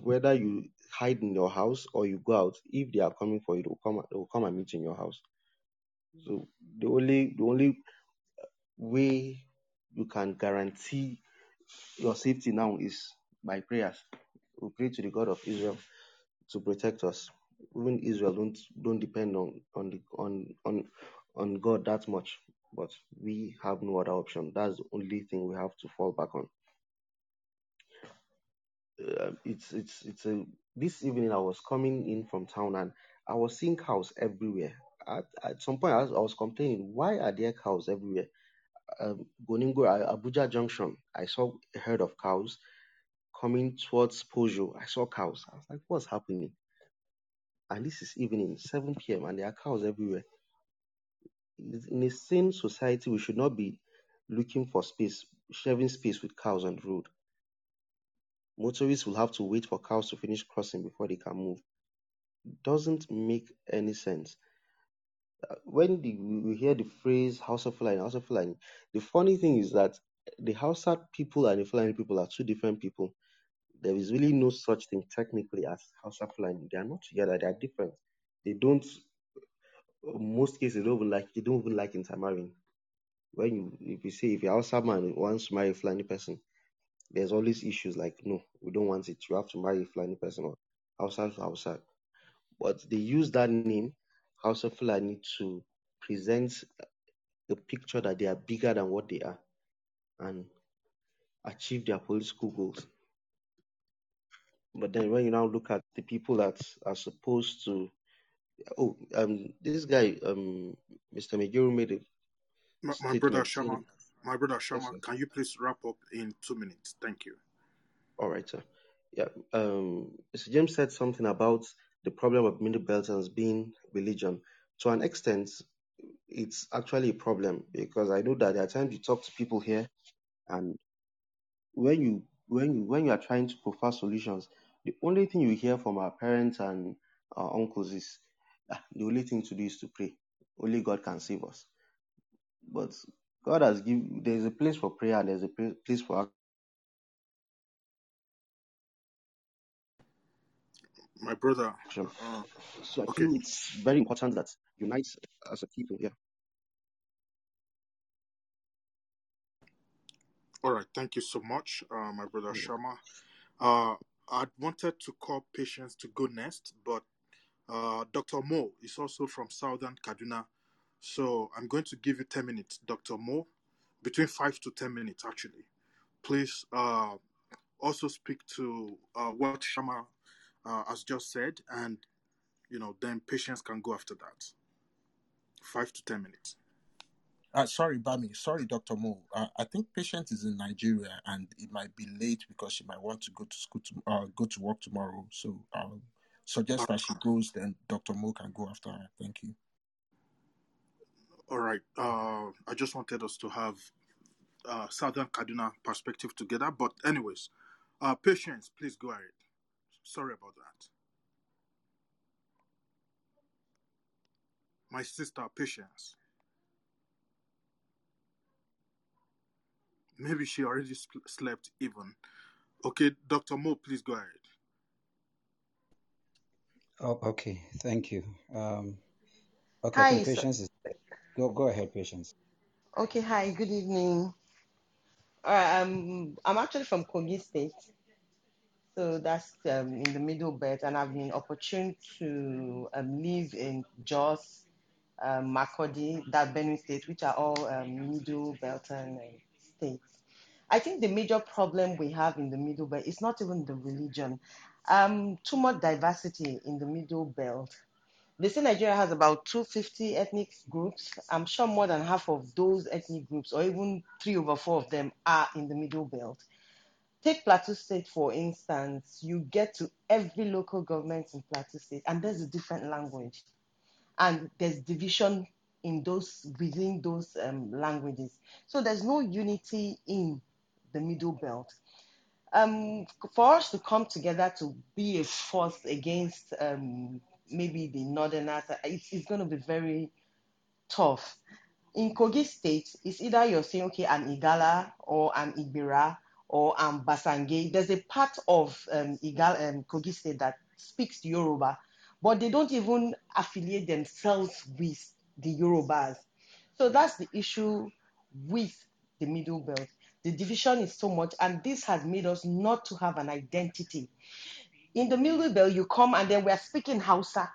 S6: whether you hide in your house or you go out, if they are coming for you, they will come, they come and meet you in your house. So the only the only way you can guarantee your safety now is by prayers. We pray to the God of Israel to protect us. Even Israel don't don't depend on on the, on on on God that much, but we have no other option. That's the only thing we have to fall back on. Um, it's it's it's a this evening I was coming in from town and I was seeing cows everywhere. At, at some point I was, I was complaining, why are there cows everywhere? Um, Goningo uh, Abuja Junction, I saw a herd of cows coming towards Pojo. I saw cows. I was like, what's happening? And this is evening, 7 p.m. and there are cows everywhere. In a sane society, we should not be looking for space, sharing space with cows on the road motorists will have to wait for cows to finish crossing before they can move. Doesn't make any sense. Uh, when the, we hear the phrase House of flying House of flying," the funny thing is that the Hausa people and the flying people are two different people. There is really no such thing technically as house of flying. They are not together. They are different. They don't. Most cases, they don't even like. They don't even like intermarrying. When you, if you say if you're Hausa man wants to marry a flying person, there's always issues like no, we don't want it. You have to marry a Fulani person or Hausa to Hausa. But they use that name, of Fulani, to present a picture that they are bigger than what they are and achieve their political goals. But then when you now look at the people that are supposed to oh um this guy um Mr. Megiru made it.
S2: My, my brother Shaman. My brother Sharma, yes, can you please wrap up in two minutes? Thank you.
S6: All right, sir. Yeah, um, Mr. James said something about the problem of middle Beltons being religion. To an extent, it's actually a problem because I know that there are times you talk to people here, and when you when you when you are trying to provide solutions, the only thing you hear from our parents and our uncles is ah, the only thing to do is to pray. Only God can save us. But God has given, there's a place for prayer and there's a place for action. My brother. Uh, So I okay. it's very important that unites as a people. Yeah.
S2: All right. Thank you so much, uh, my brother Yeah. Mm. Sharma. Uh, I wanted to call patients to go next, but uh, Dr. Mo is also from Southern Kaduna. So I'm going to give you 10 minutes, Dr. Mo, between 5 to 10 minutes, actually. Please uh, also speak to uh, what Shama uh, has just said, and you know, then patients can go after that. 5 to 10 minutes. Uh, sorry, Bami. Sorry, Dr. Mo. Uh, I think patient is in Nigeria and it might be late because she might want to go to school, to, uh, go to work tomorrow. So I'll um, suggest that she goes, then Dr. Mo can go after her. Thank you. All right. Uh, I just wanted us to have uh, Southern Kaduna perspective together. But, anyways, uh, patience, please go ahead. Sorry about that. My sister, patience. Maybe she already sp- slept even. Okay, Dr. Mo, please go ahead.
S7: Oh, okay. Thank you. Um, okay, Hi, patience sir. is Go, go ahead, Patience.
S5: Okay, hi, good evening. All uh, right, I'm I'm actually from Kogi State, so that's um, in the middle belt, and I've been opportune to um, live in Jos, um, Makodi, that Benue State, which are all um, middle belt and uh, states. I think the major problem we have in the middle belt is not even the religion. Um, too much diversity in the middle belt they say Nigeria has about 250 ethnic groups. I'm sure more than half of those ethnic groups, or even three over four of them, are in the middle belt. Take Plateau State, for instance. You get to every local government in Plateau State, and there's a different language. And there's division in those within those um, languages. So there's no unity in the middle belt. Um, for us to come together to be a force against um, maybe the northerners, uh, it's, it's going to be very tough. In Kogi State, it's either you're saying, okay, an Igala or an Ibira or an Basange. There's a part of um, Igala, um, Kogi State that speaks Yoruba, but they don't even affiliate themselves with the Yorubas. So that's the issue with the Middle Belt. The division is so much, and this has made us not to have an identity. In the middle bell, you come and then we are speaking Hausa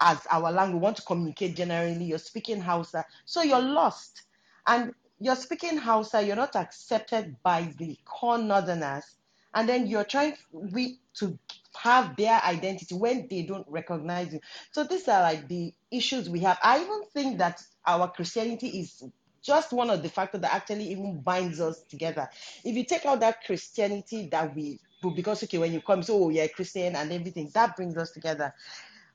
S5: as our language. We want to communicate generally. You're speaking Hausa. So you're lost. And you're speaking Hausa. You're not accepted by the core northerners. And then you're trying we, to have their identity when they don't recognize you. So these are like the issues we have. I even think that our Christianity is just one of the factors that actually even binds us together. If you take out that Christianity that we because okay, when you come, so oh, you're a Christian and everything that brings us together.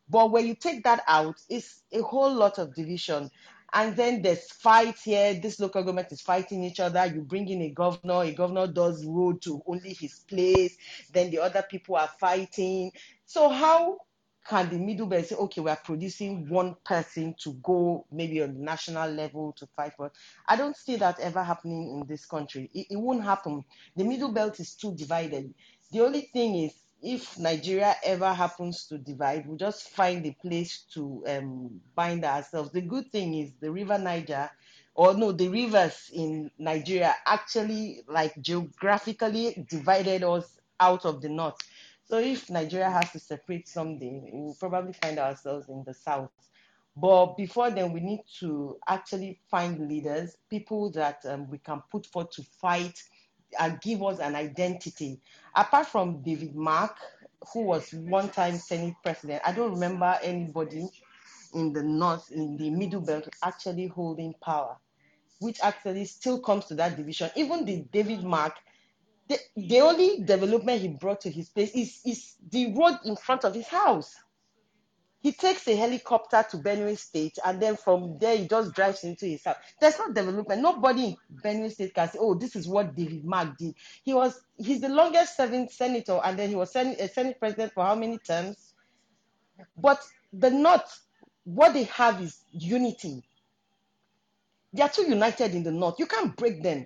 S5: But when you take that out, it's a whole lot of division. And then there's fight here. This local government is fighting each other. You bring in a governor. A governor does road to only his place. Then the other people are fighting. So how can the belt say, okay, we are producing one person to go maybe on the national level to fight for? I don't see that ever happening in this country. It, it won't happen. The middle belt is too divided. The only thing is, if Nigeria ever happens to divide, we just find a place to um, bind ourselves. The good thing is the River Niger, or no, the rivers in Nigeria actually like geographically divided us out of the north. So if Nigeria has to separate someday, we'll probably find ourselves in the south. But before then, we need to actually find leaders, people that um, we can put forth to fight uh, give us an identity. Apart from David Mark, who was one time Senate president, I don't remember anybody in the North, in the Middle Belt, actually holding power, which actually still comes to that division. Even the David Mark, the, the only development he brought to his place is, is the road in front of his house he takes a helicopter to Benue State, and then from there he just drives into his house. There's no development. Nobody in Benue State can say, "Oh, this is what David Mack did." He was he's the longest serving senator, and then he was a senate president for how many terms? But the North, what they have is unity. They are too united in the North. You can't break them.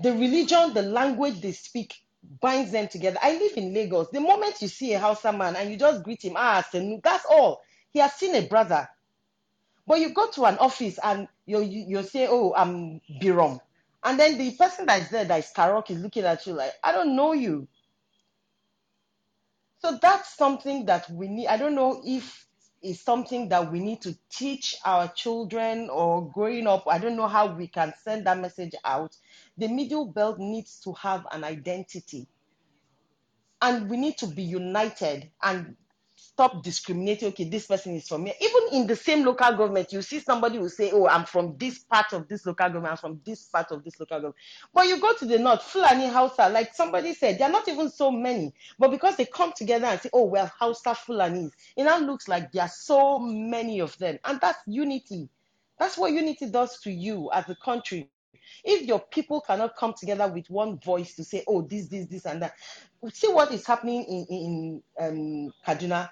S5: The religion, the language they speak, binds them together. I live in Lagos. The moment you see a Hausa man and you just greet him, ah, Senu, that's all. He has seen a brother. But you go to an office and you you, you say, oh, I'm Birom. And then the person that is there, that is Karok, is looking at you like, I don't know you. So that's something that we need. I don't know if is something that we need to teach our children or growing up. I don't know how we can send that message out. The middle belt needs to have an identity. And we need to be united and stop discriminating. Okay, this person is from here. Even in the same local government, you see somebody will say, Oh, I'm from this part of this local government, I'm from this part of this local government. But you go to the north, Fulani Hausa, like somebody said, there are not even so many. But because they come together and say, Oh, well, Hausa Fulanis, it now looks like there are so many of them. And that's unity. That's what unity does to you as a country. If your people cannot come together with one voice to say, oh, this, this, this, and that, see what is happening in, in um, Kaduna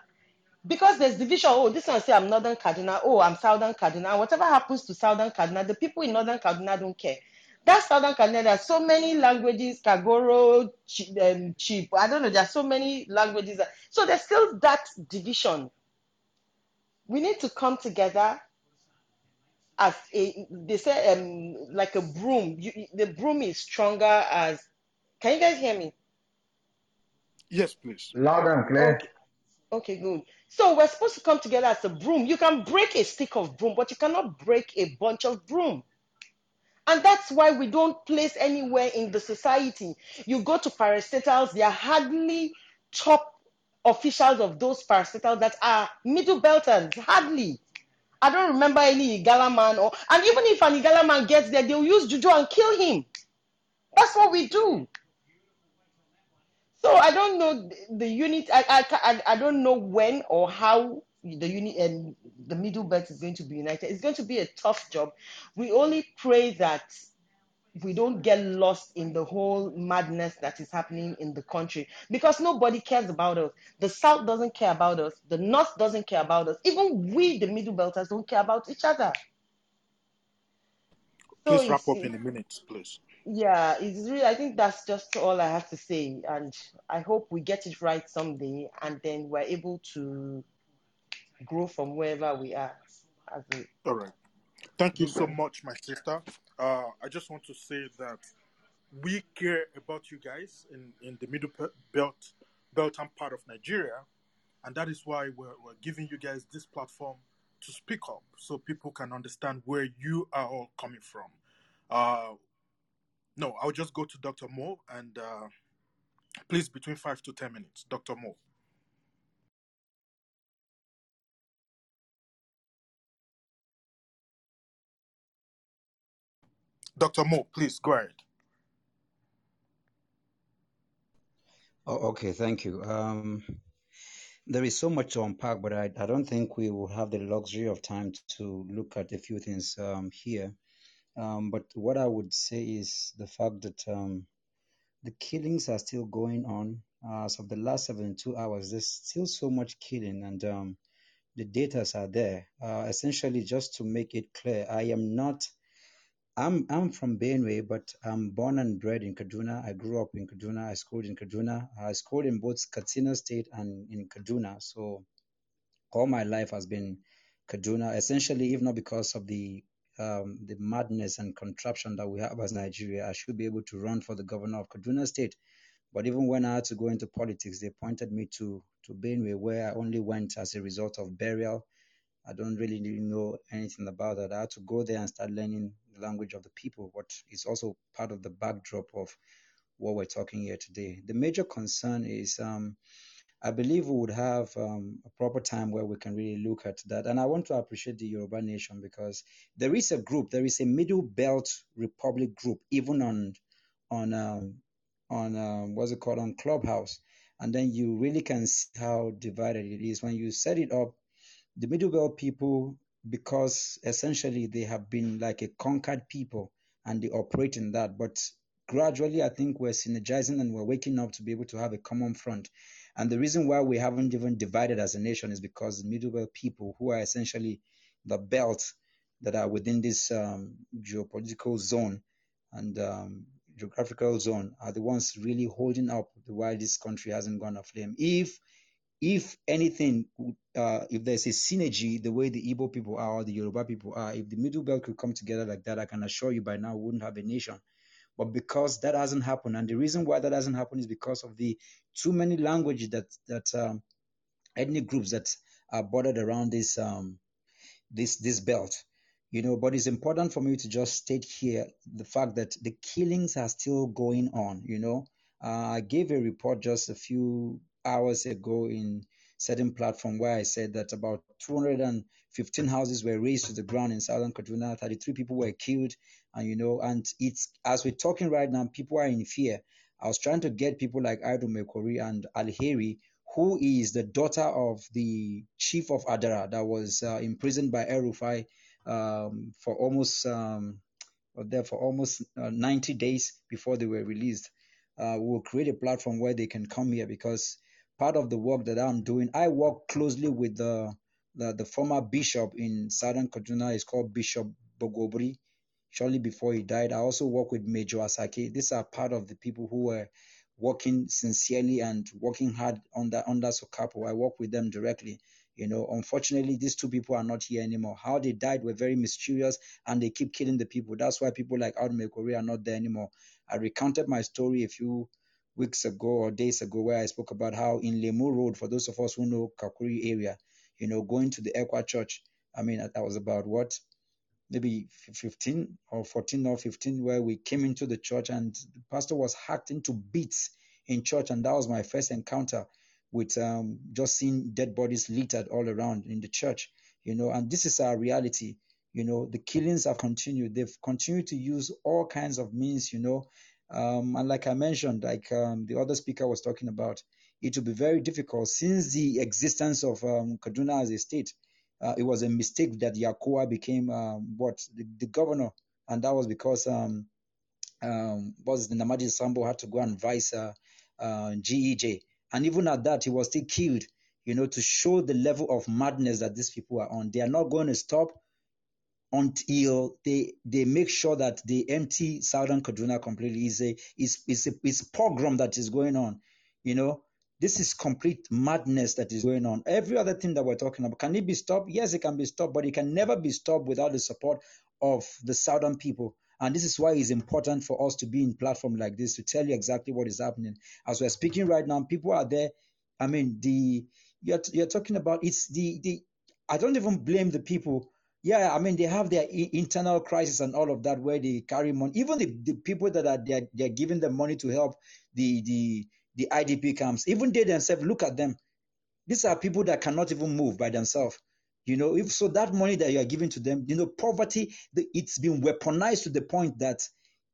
S5: because there's division. Oh, this one say I'm Northern Kaduna. Oh, I'm Southern Kaduna. whatever happens to Southern Kaduna, the people in Northern Kaduna don't care. That's Southern Kaduna. There are so many languages, Kagoro, cheap, um, I don't know. There are so many languages. so there's still that division. We need to come together as a, they say, um, like a broom. You, the broom is stronger as. Can you guys hear me? Yes, please.
S2: Loud and clear.
S5: okay good so we're supposed to come together as a broom. You can break a stick of broom, but you cannot break a bunch of broom. And that's why we don't place anywhere in the society. You go to parastatals, they are hardly top officials of those parastatals that are middle belters, hardly. I don't remember any Igala man, or and even if an Igala man gets there, they'll use juju and kill him. That's what we do. So I don't know the, the unit. I, I I don't know when or how the unit and um, the middle belt is going to be united. It's going to be a tough job. We only pray that we don't get lost in the whole madness that is happening in the country because nobody cares about us. The South doesn't care about us. The North doesn't care about us. Even we, the middle belters, don't care about each other. So please wrap up in a
S2: minute, please
S5: yeah, it's really. I think that's just all I have to say, and I hope we get it right someday, and then we're able to grow from wherever we are. As a... all right,
S2: thank you so much, my sister. Uh, I just want to say that we care about you guys in, in the middle belt belt and part of Nigeria, and that is why we're, we're giving you guys this platform to speak up so people can understand where you are all coming from. Uh, no, I'll just go to Dr. Mo and uh, please between five to ten minutes. Dr. Mo. Dr. Mo, please go ahead.
S7: Oh, okay, thank you. Um, there is so much to unpack, but I, I, don't think we will have the luxury of time to look at a few things um, here. Um, but what I would say is the fact that um, the killings are still going on. Uh, as of the last 72 hours, there's still so much killing, and um, the data are there. Uh, essentially, just to make it clear, I am not. I'm I'm from Benue, but I'm born and bred in Kaduna. I grew up in Kaduna. I schooled in Kaduna. I schooled in both Katsina State and in Kaduna. So all my life has been Kaduna. Essentially, if not because of the um, the madness and contraption that we have as Nigeria, I should be able to run for the governor of Kaduna State. But even when I had to go into politics, they pointed me to to Benue, where I only went as a result of burial. I don't really know anything about that. I had to go there and start learning the language of the people, what is also part of the backdrop of what we're talking here today. The major concern is um, I believe we would have um, a proper time where we can really look at that. And I want to appreciate the Yoruba nation because there is a group, there is a Middle Belt Republic group, even on on um, on um, what's it called on Clubhouse, and then you really can see how divided it is when you set it up. The Middle Belt people, because essentially they have been like a conquered people, and they operate in that, but gradually I think we're synergizing and we're waking up to be able to have a common front. And the reason why we haven't even divided as a nation is because the Middle people, who are essentially the belt that are within this um, geopolitical zone and um, geographical zone, are the ones really holding up why this country hasn't gone aflame. If if anything, uh, if there's a synergy, the way the Igbo people are or the Yoruba people are, if the Middle Belt could come together like that, I can assure you by now we wouldn't have a nation but because that hasn't happened, and the reason why that hasn't happened is because of the too many languages that that um, ethnic groups that are bordered around this um, this this belt, you know. But it's important for me to just state here the fact that the killings are still going on. You know, uh, I gave a report just a few hours ago in certain platform where I said that about 215 houses were razed to the ground in southern Kaduna, 33 people were killed, and you know, and it's as we're talking right now, people are in fear. I was trying to get people like Idol Mekori and Al Heri, who is the daughter of the chief of Adara that was uh, imprisoned by El Rufai um, for almost um, there for almost uh, 90 days before they were released. Uh, we'll create a platform where they can come here because part of the work that I'm doing, I work closely with the the, the former bishop in southern Kaduna. is called Bishop Bogobri shortly before he died. I also work with Major Asake. These are part of the people who were working sincerely and working hard under under Sokapo. I work with them directly. You know, unfortunately, these two people are not here anymore. How they died were very mysterious, and they keep killing the people. That's why people like Audume Korea are not there anymore. I recounted my story a few weeks ago or days ago where I spoke about how in Lemu Road, for those of us who know Kakuri area, you know, going to the Equa Church. I mean, that was about what maybe 15 or 14 or 15 where we came into the church and the pastor was hacked into bits in church and that was my first encounter with um, just seeing dead bodies littered all around in the church you know and this is our reality you know the killings have continued they've continued to use all kinds of means you know um, and like i mentioned like um, the other speaker was talking about it will be very difficult since the existence of um, kaduna as a state uh, it was a mistake that Yakua became um, what the, the, governor, and that was because um, um, was the Namaji Sambo had to go and vice uh, uh, GEJ, and even at that, he was still killed. You know, to show the level of madness that these people are on, they are not going to stop until they they make sure that they empty Southern Kaduna completely. Is a is is a is pogrom that is going on. You know, this is complete madness that is going on. Every other thing that we're talking about, can it be stopped? Yes, it can be stopped, but it can never be stopped without the support of the Southern people. And this is why it's important for us to be in platform like this to tell you exactly what is happening. As we're speaking right now, people are there. I mean, the you're you're talking about it's the the. I don't even blame the people. Yeah, I mean they have their internal crisis and all of that where they carry money. Even the, the people that are they're, they're giving the money to help the the the IDP camps. Even they themselves, look at them. These are people that cannot even move by themselves. You know, if so, that money that you are giving to them, you know, poverty, the, it's been weaponized to the point that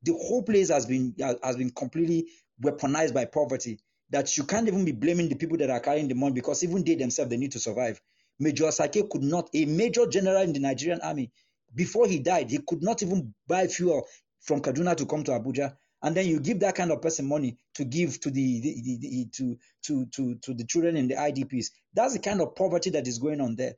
S7: the whole place has been uh, has been completely weaponized by poverty. That you can't even be blaming the people that are carrying the money because even they themselves they need to survive. Major Asake could not, a major general in the Nigerian army, before he died, he could not even buy fuel from Kaduna to come to Abuja and then you give that kind of person money to give to the, the, the, the, to, to to to the children in the IDPs. That's the kind of poverty that is going on there.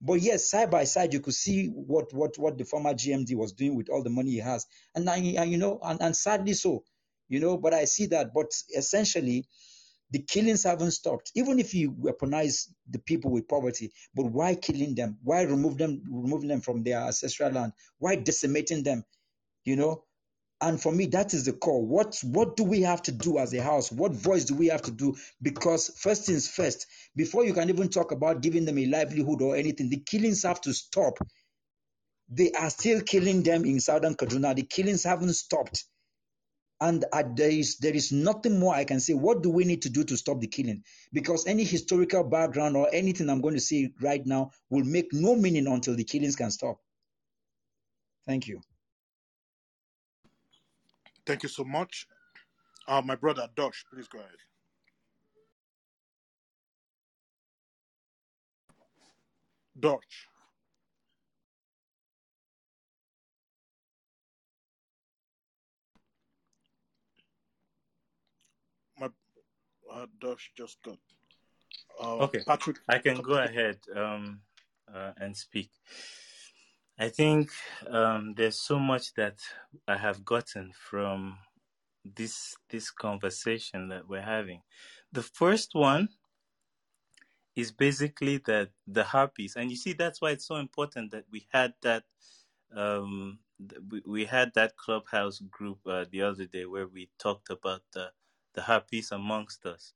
S7: But yes, side by side, you could see what what what the former GMD was doing with all the money he has, and and you know, and, and sadly so, you know. But I see that. But essentially, the killings haven't stopped. Even if you weaponize the people with poverty, but why killing them? Why remove them? Removing them from their ancestral land? Why decimating them? You know, and for me that is the core what what do we have to do as a house what voice do we have to do because first things first before you can even talk about giving them a livelihood or anything the killings have to stop they are still killing them in southern kaduna the killings haven't stopped and uh, there is there is nothing more i can say what do we need to do to stop the killing because any historical background or anything i'm going to say right now will make no meaning until the killings can stop thank you
S2: Thank you so much. Uh, my brother Dosh, please go ahead. Dosh. My uh, Dosh just got. Uh, okay, Patrick. I can go ahead
S1: um, uh, and speak. I think um, there's so much that I have gotten from this this conversation that we're having. The first one is basically that the harpies, and you see that's why it's so important that we had that um, we, we had that clubhouse group uh, the other day where we talked about the the harpies amongst us,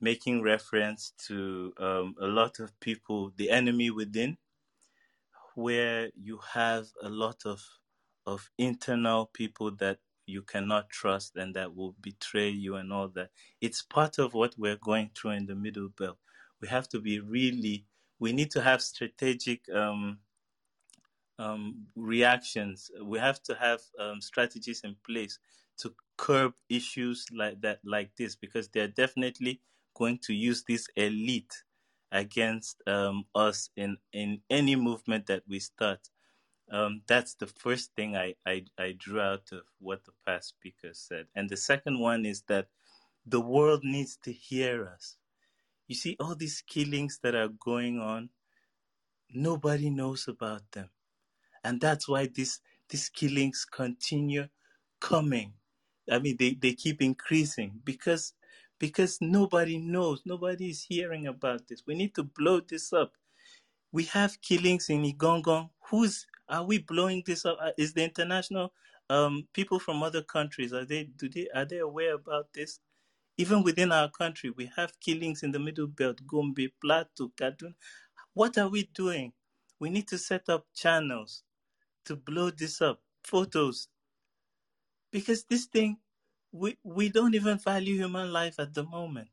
S1: making reference to um, a lot of people, the enemy within where you have a lot of of internal people that you cannot trust and that will betray you and all that. It's part of what we're going through in the middle belt. We have to be really, we need to have strategic um, um, reactions. We have to have um, strategies in place to curb issues like that, like this, because they're definitely going to use this elite against um, us in, in any movement that we start. Um, that's the first thing I, I, I drew out of what the past speaker said. And the second one is that the world needs to hear us. You see, all these killings that are going on, nobody knows about them. And that's why this, these killings continue coming. I mean, they, they keep increasing because because nobody knows. Nobody is hearing about this. We need to blow this up. We have killings in Igongong. Who's are we blowing this up? Uh, is the international um, people from other countries are they do they are they aware about this? Even within our country, we have killings in the Middle Belt, Gombe, Plateau, Kaduna. What are we doing? We need to set up channels to blow this up, photos, because this thing we, we don't even value human life at the moment.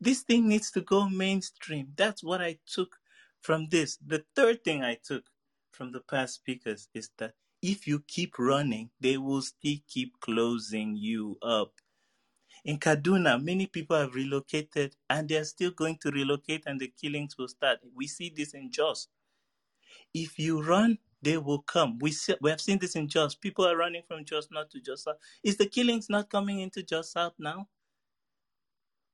S1: This thing needs to go mainstream. That's what I took from this. The third thing I took from the past speakers is that if you keep running, they will still keep closing you up. In Kaduna, many people have relocated and they are still going to relocate and the killings will start. We see this in Jos. If you run, they will come. We see, we have seen this in Jos. People are running from Jos not to Jos South. Is the killings not coming into Jos South now?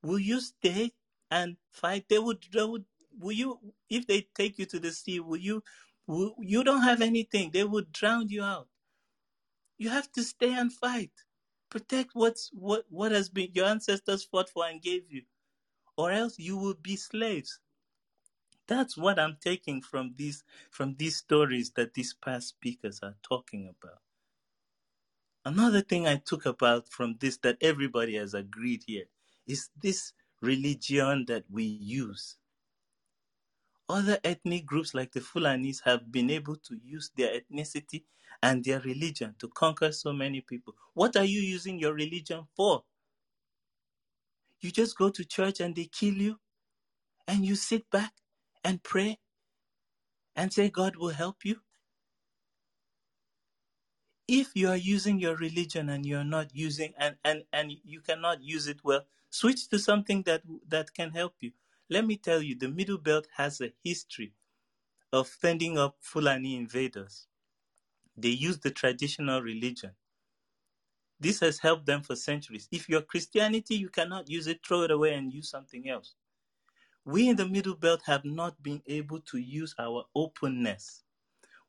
S1: Will you stay and fight? They would. They would. Will you? If they take you to the sea, will you? Will, you don't have anything. They would drown you out. You have to stay and fight. Protect what's what what has been your ancestors fought for and gave you, or else you will be slaves. That's what I'm taking from these from these stories that these past speakers are talking about. Another thing I took about from this that everybody has agreed here is this religion that we use. Other ethnic groups like the Fulanis have been able to use their ethnicity and their religion to conquer so many people. What are you using your religion for? You just go to church and they kill you and you sit back and pray and say God will help you? If you are using your religion and you're not using and, and, and you cannot use it well, switch to something that that can help you. Let me tell you, the Middle Belt has a history of fending up Fulani invaders. They use the traditional religion. This has helped them for centuries. If you're Christianity, you cannot use it, throw it away and use something else. We in the Middle Belt have not been able to use our openness.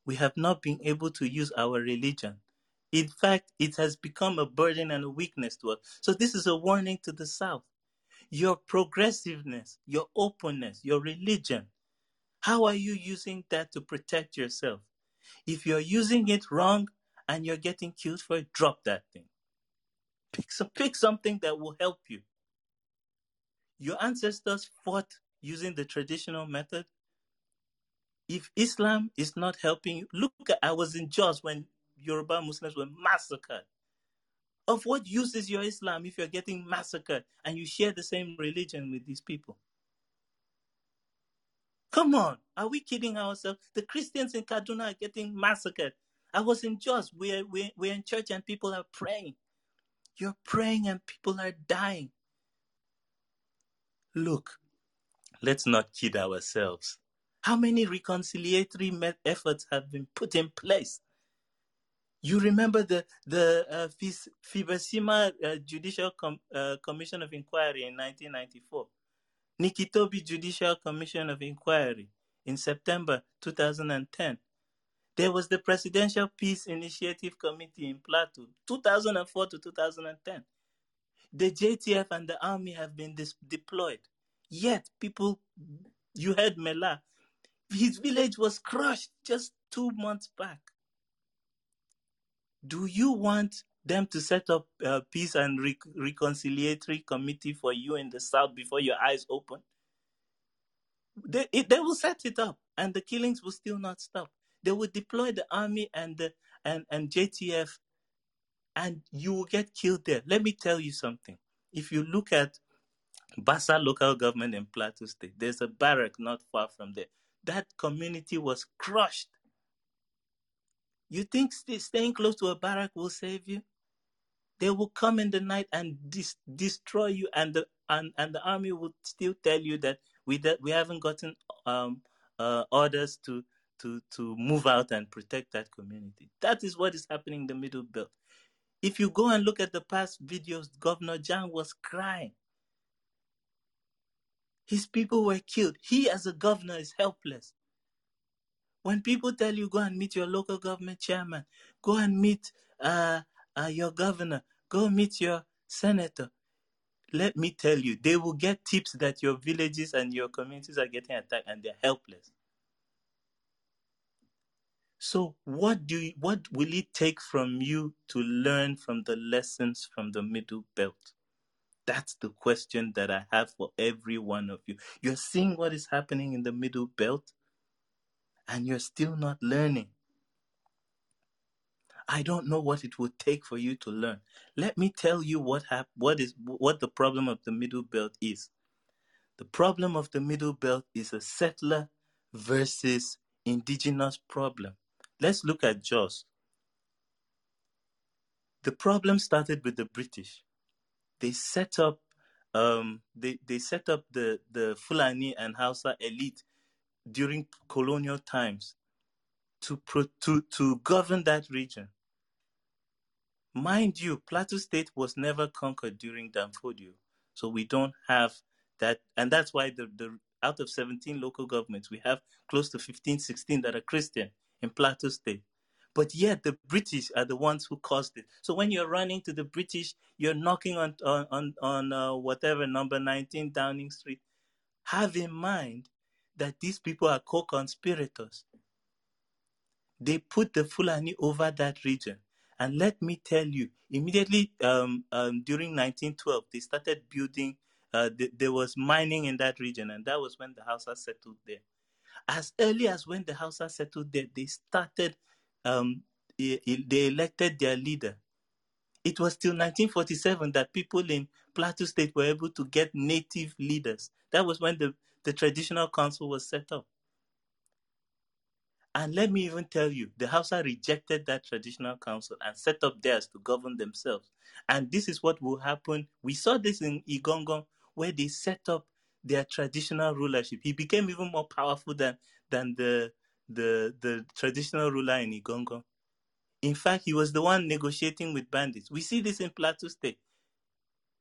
S1: We have not been able to use our religion. In fact, it has become a burden and a weakness to us. So, this is a warning to the South. Your progressiveness, your openness, your religion, how are you using that to protect yourself? If you're using it wrong and you're getting killed for it, drop that thing. Pick, some, pick something that will help you. Your ancestors fought using the traditional method, if Islam is not helping you, look, I was in Jos when Yoruba Muslims were massacred. Of what use is your Islam if you're getting massacred and you share the same religion with these people? Come on, are we kidding ourselves? The Christians in Kaduna are getting massacred. I was in Jos, we're, we're, we're in church and people are praying. You're praying and people are dying. Look, Let's not kid ourselves. How many reconciliatory efforts have been put in place? You remember the the uh, Fibasima uh, Judicial Com- uh, Commission of Inquiry in 1994, Nikitobi Judicial Commission of Inquiry in September 2010. There was the Presidential Peace Initiative Committee in Plateau, 2004 to 2010. The JTF and the Army have been dis- deployed. Yet people, you heard Mela, his mm-hmm. village was crushed just two months back. Do you want them to set up a uh, peace and reconciliatory committee for you in the south before your eyes open? They, it, they will set it up, and the killings will still not stop. They will deploy the army and the and, and JTF, and you will get killed there. Let me tell you something. If you look at Basa local government in Plateau State. There's a barrack not far from there. That community was crushed. You think st- staying close to a barrack will save you? They will come in the night and dis- destroy you, and the and, and the army will still tell you that we that we haven't gotten um, uh, orders to to to move out and protect that community. That is what is happening in the Middle Belt. If you go and look at the past videos, Governor Jang was crying his people were killed. He, as a governor, is helpless. When people tell you, go and meet your local government chairman, go and meet uh, uh, your governor, go meet your senator, let me tell you, they will get tips that your villages and your communities are getting attacked and they're helpless. So, what do you, what will it take from you to learn from the lessons from the Middle Belt? That's the question that I have for every one of you. You're seeing what is happening in the middle belt, and you're still not learning. I don't know what it would take for you to learn. Let me tell you what hap- what is what the problem of the middle belt is. The problem of the middle belt is a settler versus indigenous problem. Let's look at Jaws. The problem started with the British they set up um, they, they set up the, the Fulani and Hausa elite during colonial times to, pro, to, to govern that region. Mind you, Plateau State was never conquered during Damfodio. So we don't have that. And that's why the, the out of 17 local governments, we have close to 15, 16 that are Christian in Plateau State. But yet the British are the ones who caused it. So when you're running to the British, you're knocking on on on, on uh, whatever number 19 Downing Street. Have in mind that these people are co-conspirators. They put the Fulani over that region. And let me tell you, immediately um, um, during 1912, they started building. Uh, th- there was mining in that region, and that was when the Hausa settled there. As early as when the Hausa settled there, they started um, they elected their leader. It was till 1947 that people in Plateau State were able to get native leaders. That was when the, the traditional council was set up. And let me even tell you, the Hausa rejected that traditional council and set up theirs to govern themselves. And this is what will happen. We saw this in Igongong, where they set up their traditional rulership. He became even more powerful than than the the the traditional ruler in Igongo. In fact, he was the one negotiating with bandits. We see this in Plateau State.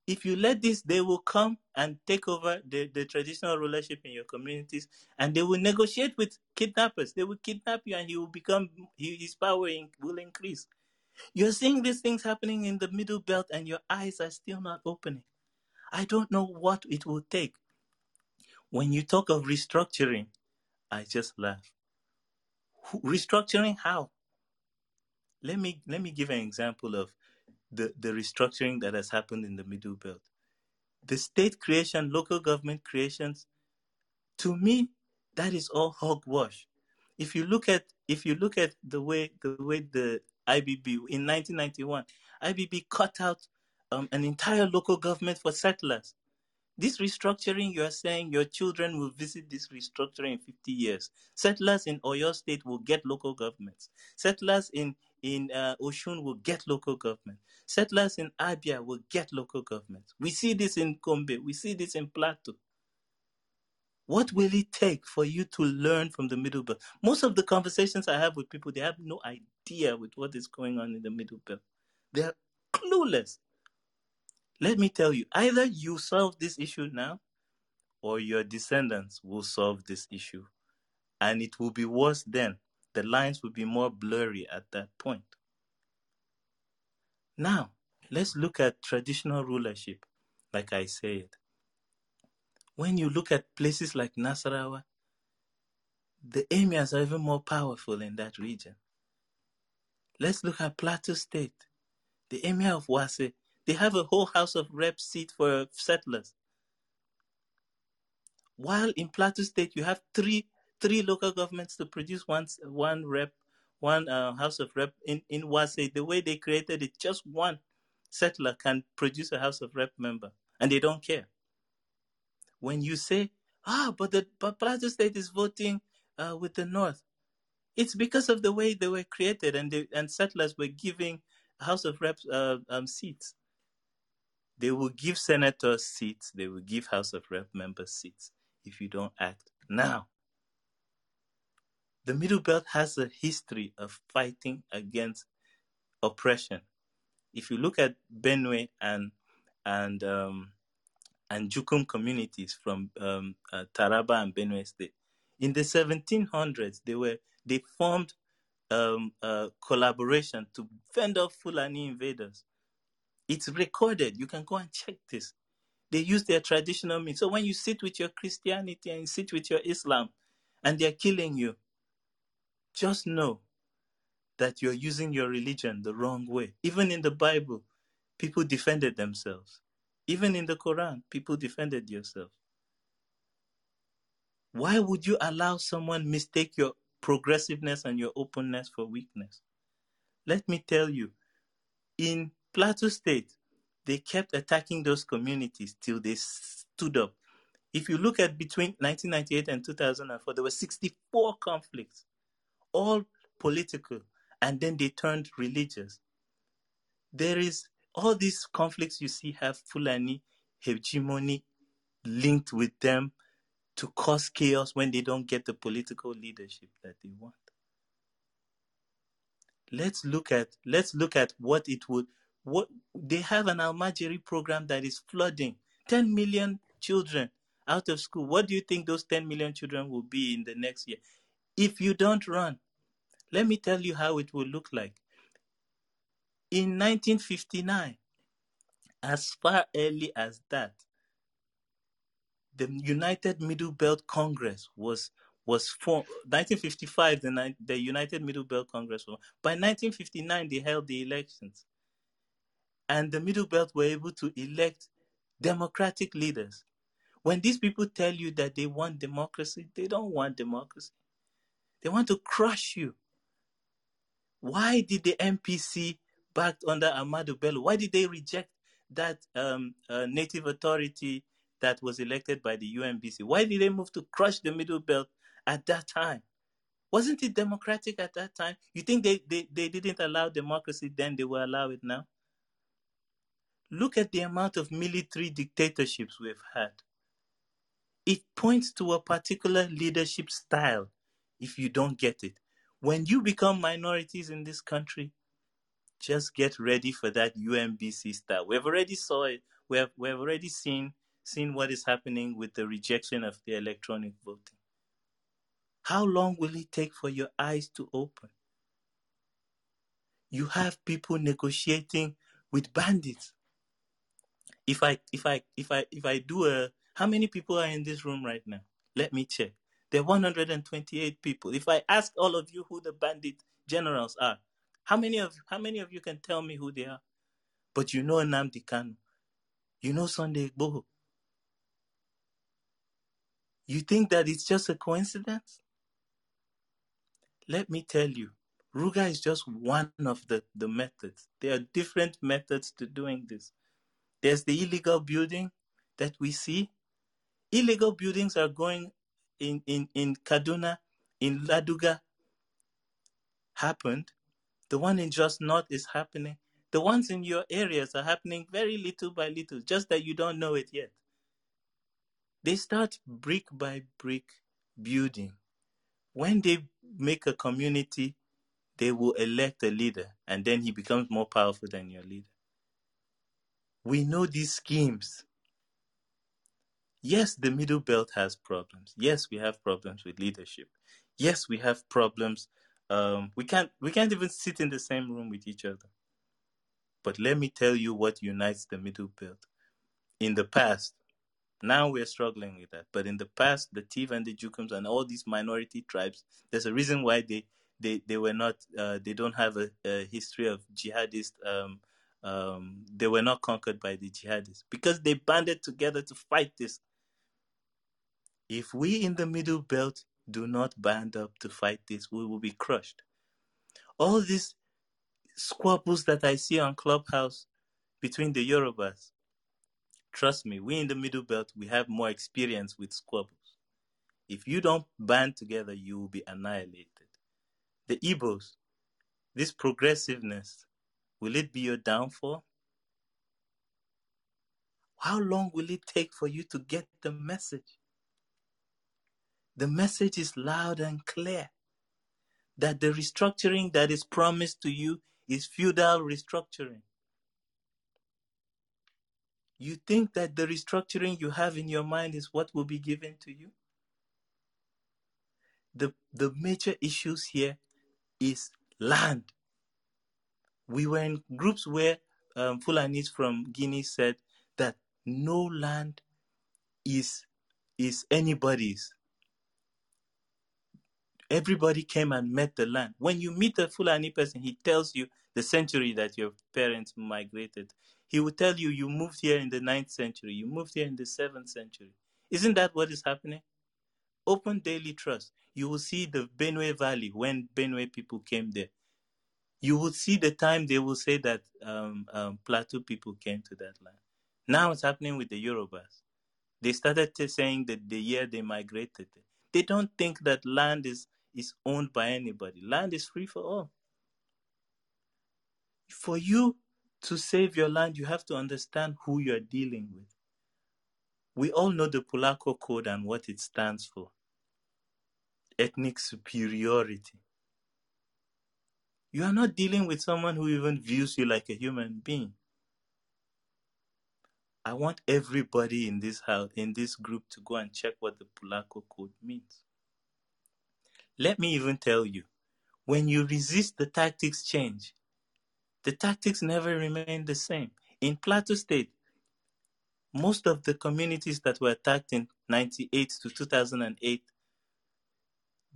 S1: If you let this, they will come and take over the, the traditional rulership in your communities, and they will negotiate with kidnappers. They will kidnap you, and he will become he, his power in, will increase. You're seeing these things happening in the middle belt, and your eyes are still not opening. I don't know what it will take. When you talk of restructuring, I just laugh restructuring how? Let me let me give an example of the, the restructuring that has happened in the middle belt. The state creation, local government creations, to me, that is all hogwash. If you look at if you look at the way the way the IBB in 1991, IBB cut out um, an entire local government for settlers. This restructuring, you are saying your children will visit this restructuring in 50 years. Settlers in Oyo State will get local governments. Settlers in in uh, Oshun will get local government. Settlers in Abia will get local government. We see this in Gombe. We see this in Plateau. What will it take for you to learn from the Middle Belt? Most of the conversations I have with people, they have no idea with what is going on in the Middle Belt. They are clueless. Let me tell you, either you solve this issue now or your descendants will solve this issue. And it will be worse then. The lines will be more blurry at that point. Now, let's look at traditional rulership, like I said. When you look at places like Nasarawa, the emirs are even more powerful in that region. Let's look at Plateau State. The emir of Wase they have a whole house of rep seat for settlers. While in Plateau State, you have three three local governments to produce one one rep, one uh, house of rep in in Wase. The way they created it, just one settler can produce a house of rep member, and they don't care. When you say, ah, but the but Plateau State is voting uh, with the North, it's because of the way they were created, and and settlers were giving House of Reps uh, um, seats. They will give senators seats, they will give House of Rep members seats if you don't act now. The Middle Belt has a history of fighting against oppression. If you look at Benue and and um, and Jukum communities from um, uh, Taraba and Benue State, in the 1700s they were they formed um, collaboration to fend off Fulani invaders. It's recorded. You can go and check this. They use their traditional means. So when you sit with your Christianity and sit with your Islam and they're killing you, just know that you're using your religion the wrong way. Even in the Bible, people defended themselves. Even in the Quran, people defended yourself. Why would you allow someone mistake your progressiveness and your openness for weakness? Let me tell you, in Plateau State, they kept attacking those communities till they stood up. If you look at between 1998 and 2004, there were 64 conflicts, all political, and then they turned religious. There is all these conflicts you see have Fulani hegemony linked with them to cause chaos when they don't get the political leadership that they want. Let's look at let's look at what it would what, they have an Almajiri program that is flooding 10 million children out of school. What do you think those 10 million children will be in the next year? If you don't run, let me tell you how it will look like. In 1959, as far early as that, the United Middle Belt Congress was was formed. 1955, the, the United Middle Belt Congress was By 1959, they held the elections and the Middle Belt were able to elect democratic leaders. When these people tell you that they want democracy, they don't want democracy. They want to crush you. Why did the MPC backed under Amadu Bello? Why did they reject that um, uh, native authority that was elected by the UNBC? Why did they move to crush the Middle Belt at that time? Wasn't it democratic at that time? You think they, they, they didn't allow democracy then, they will allow it now? Look at the amount of military dictatorships we've had. It points to a particular leadership style if you don't get it. When you become minorities in this country, just get ready for that UMBC style. We've already saw it. We have we have already seen seen what is happening with the rejection of the electronic voting. How long will it take for your eyes to open? You have people negotiating with bandits. If I if I if I if I do a how many people are in this room right now? Let me check. There are 128 people. If I ask all of you who the bandit generals are, how many of how many of you can tell me who they are? But you know Namdi Kanu. You know Sunday Igboho. You think that it's just a coincidence? Let me tell you, Ruga is just one of the, the methods. There are different methods to doing this. There's the illegal building that we see. Illegal buildings are going in, in, in Kaduna, in Laduga, happened. The one in Just North is happening. The ones in your areas are happening very little by little, just that you don't know it yet. They start brick by brick building. When they make a community, they will elect a leader, and then he becomes more powerful than your leader we know these schemes. Yes, the middle belt has problems. Yes, we have problems with leadership. Yes, we have problems. Um, we can't we can't even sit in the same room with each other. But let me tell you what unites the middle belt. In the past, now we're struggling with that. But in the past, the Tiv and the Jukums and all these minority tribes, there's a reason why they they, they were not uh, they don't have a, a history of jihadist um, um, they were not conquered by the jihadists because they banded together to fight this. If we in the middle belt do not band up to fight this, we will be crushed. All these squabbles that I see on Clubhouse between the Yorubas, trust me, we in the middle belt, we have more experience with squabbles. If you don't band together, you will be annihilated. The Igbos, this progressiveness, Will it be your downfall? How long will it take for you to get the message? The message is loud and clear that the restructuring that is promised to you is feudal restructuring. You think that the restructuring you have in your mind is what will be given to you? The, the major issues here is land we were in groups where um, Fulanis from Guinea said that no land is is anybody's. Everybody came and met the land. When you meet a Fulani person, he tells you the century that your parents migrated. He will tell you you moved here in the ninth century, you moved here in the seventh century. Isn't that what is happening? Open daily trust. You will see the Benue Valley when Benue people came there you would see the time they will say that um, um, Plateau people came to that land. Now it's happening with the Yorubas. They started saying that the year they migrated, they don't think that land is, is owned by anybody. Land is free for all. For you to save your land, you have to understand who you're dealing with. We all know the Polaco Code and what it stands for ethnic superiority. You are not dealing with someone who even views you like a human being. I want everybody in this house, in this group, to go and check what the Pulaco code means. Let me even tell you, when you resist, the tactics change. The tactics never remain the same. In Plateau State, most of the communities that were attacked in 98 to 2008,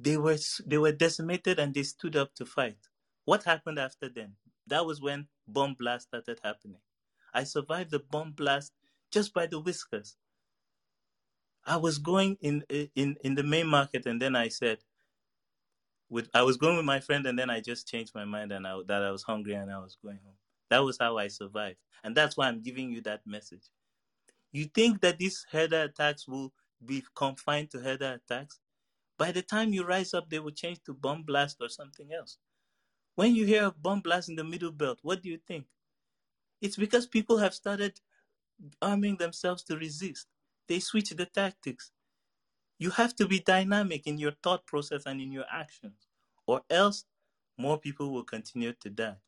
S1: they were, they were decimated and they stood up to fight. What happened after then? That was when bomb blast started happening. I survived the bomb blast just by the whiskers. I was going in in in the main market, and then I said, with I was going with my friend, and then I just changed my mind, and I, that I was hungry, and I was going home. That was how I survived, and that's why I'm giving you that message. You think that these header attacks will be confined to header attacks? By the time you rise up, they will change to bomb blast or something else. When you hear a bomb blast in the middle belt, what do you think? It's because people have started arming themselves to resist. They switch the tactics. You have to be dynamic in your thought process and in your actions, or else more people will continue to die.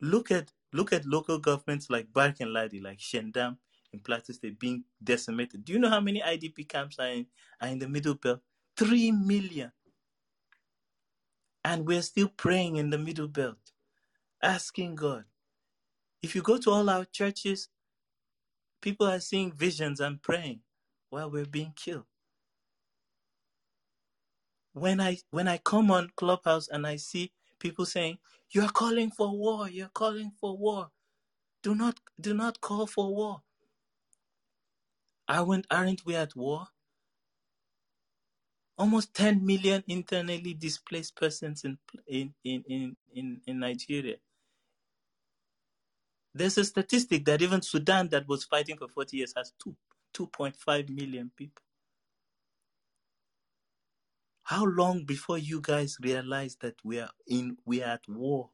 S1: Look at look at local governments like Bark and Ladi, like Shendam in Plateau State being decimated. Do you know how many IDP camps are in, are in the middle belt? Three million. And we're still praying in the middle belt, asking God. If you go to all our churches, people are seeing visions and praying while we're being killed. When I when I come on Clubhouse and I see people saying, You are calling for war, you're calling for war. Do not do not call for war. Aren't aren't we at war? almost 10 million internally displaced persons in in in in, in Nigeria. There's a statistic that even Sudan, that was fighting for 40 years, has two, 2.5 million people. How long before you guys realize that we are in we are at war?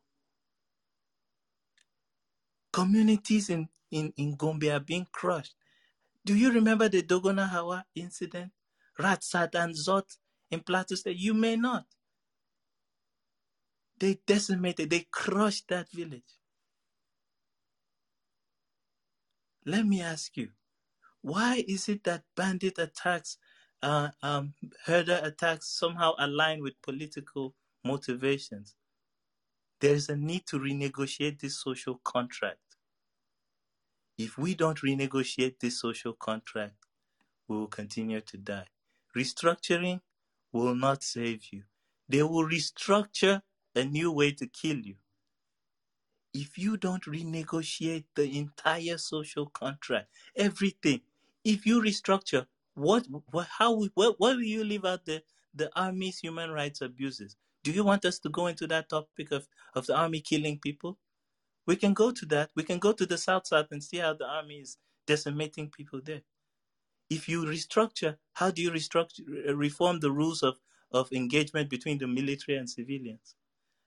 S1: Communities in, in, in Gombe are being crushed. Do you remember the Dogonahawa incident Ratsat and Zot in Plato State. You may not. They decimated, they crushed that village. Let me ask you, why is it that bandit attacks, uh, um, herder attacks somehow align with political motivations? There is a need to renegotiate this social contract. If we don't renegotiate this social contract, we will continue to die. Restructuring will not save you. They will restructure a new way to kill you. If you don't renegotiate the entire social contract, everything, if you restructure, what, what how, what, will you leave out the, the army's human rights abuses? Do you want us to go into that topic of, of the army killing people? We can go to that. We can go to the South South and see how the army is decimating people there if you restructure, how do you restructure, reform the rules of, of engagement between the military and civilians?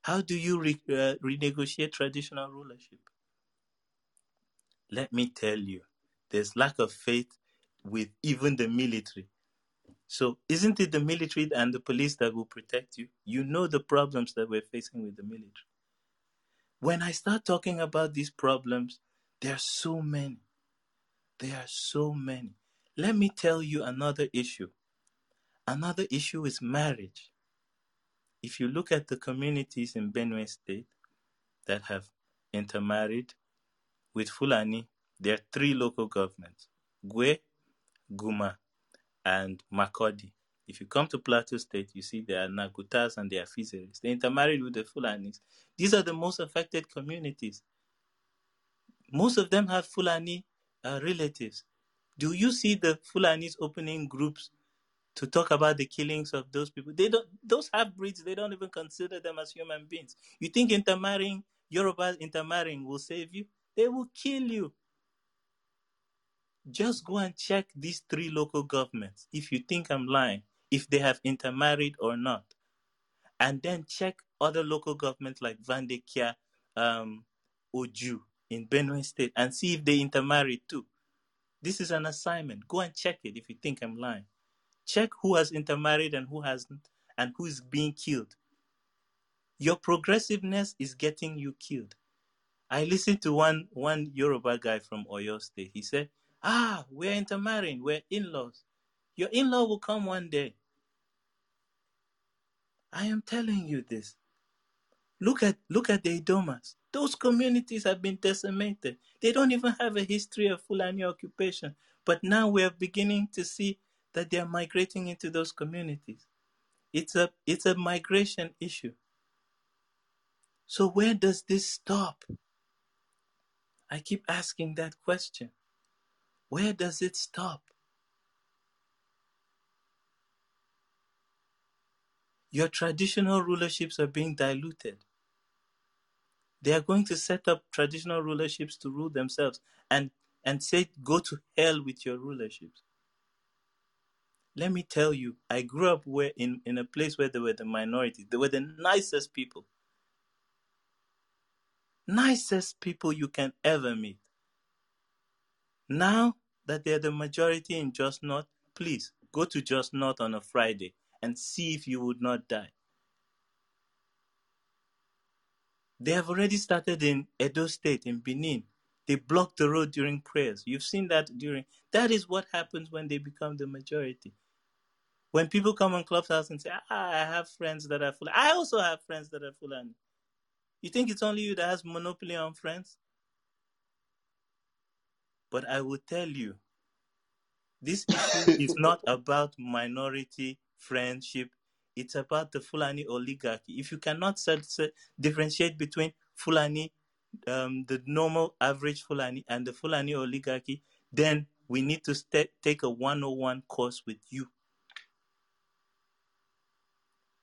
S1: How do you re, uh, renegotiate traditional rulership? Let me tell you, there's lack of faith with even the military. So, isn't it the military and the police that will protect you? You know the problems that we're facing with the military. When I start talking about these problems, there are so many. There are so many. Let me tell you another issue. Another issue is marriage. If you look at the communities in Benue State that have intermarried with Fulani, there are three local governments Gwe, Guma, and Makodi. If you come to Plateau State, you see there are Nagutas and there are Fizeris. They intermarried with the Fulanis. These are the most affected communities. Most of them have Fulani uh, relatives. Do you see the Fulanis opening groups to talk about the killings of those people? They don't. Those half breeds. They don't even consider them as human beings. You think intermarrying Yorubas intermarrying will save you? They will kill you. Just go and check these three local governments. If you think I'm lying, if they have intermarried or not, and then check other local governments like Vandekia, um, Oju in Benue State, and see if they intermarried too. This is an assignment. Go and check it if you think I'm lying. Check who has intermarried and who hasn't, and who is being killed. Your progressiveness is getting you killed. I listened to one one Yoruba guy from Oyo State. He said, "Ah, we're intermarrying. We're in-laws. Your in-law will come one day." I am telling you this. Look at look at the Idomas. Those communities have been decimated. They don't even have a history of Fulani occupation. But now we are beginning to see that they are migrating into those communities. It's a it's a migration issue. So where does this stop? I keep asking that question. Where does it stop? Your traditional rulerships are being diluted. They are going to set up traditional rulerships to rule themselves and, and say, go to hell with your rulerships. Let me tell you, I grew up where in, in a place where they were the minority. They were the nicest people. Nicest people you can ever meet. Now that they're the majority in Just Not, please go to Just Not on a Friday and see if you would not die. They have already started in Edo State, in Benin. They block the road during prayers. You've seen that during. That is what happens when they become the majority. When people come on Clubhouse and say, ah, I have friends that are full. I also have friends that are full. And you think it's only you that has monopoly on friends? But I will tell you, this issue is not about minority friendship it's about the Fulani oligarchy. If you cannot set, set, differentiate between Fulani, um, the normal average Fulani, and the Fulani oligarchy, then we need to st- take a 101 course with you.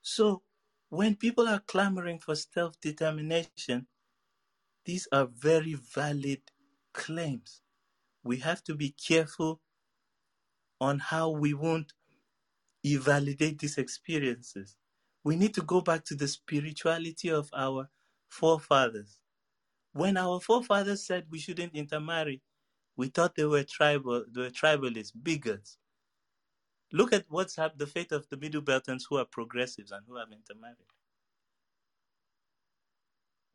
S1: So, when people are clamoring for self determination, these are very valid claims. We have to be careful on how we won't Evaluate validate these experiences. We need to go back to the spirituality of our forefathers. When our forefathers said we shouldn't intermarry, we thought they were tribal, they were tribalists, bigots. Look at what's happened, the fate of the Middle Beltons who are progressives and who have intermarried.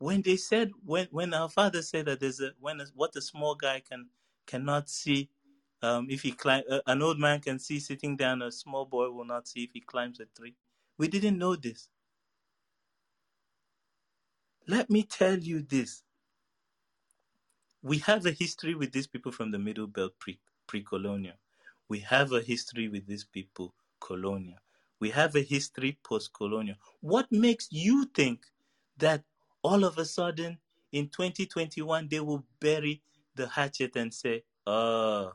S1: When they said, when, when our father said that there's a, when a, what a small guy can cannot see um, if he climb, uh, an old man can see sitting down. A small boy will not see if he climbs a tree. We didn't know this. Let me tell you this. We have a history with these people from the Middle Belt pre pre-colonial. We have a history with these people colonial. We have a history post-colonial. What makes you think that all of a sudden in 2021 they will bury the hatchet and say, "Oh,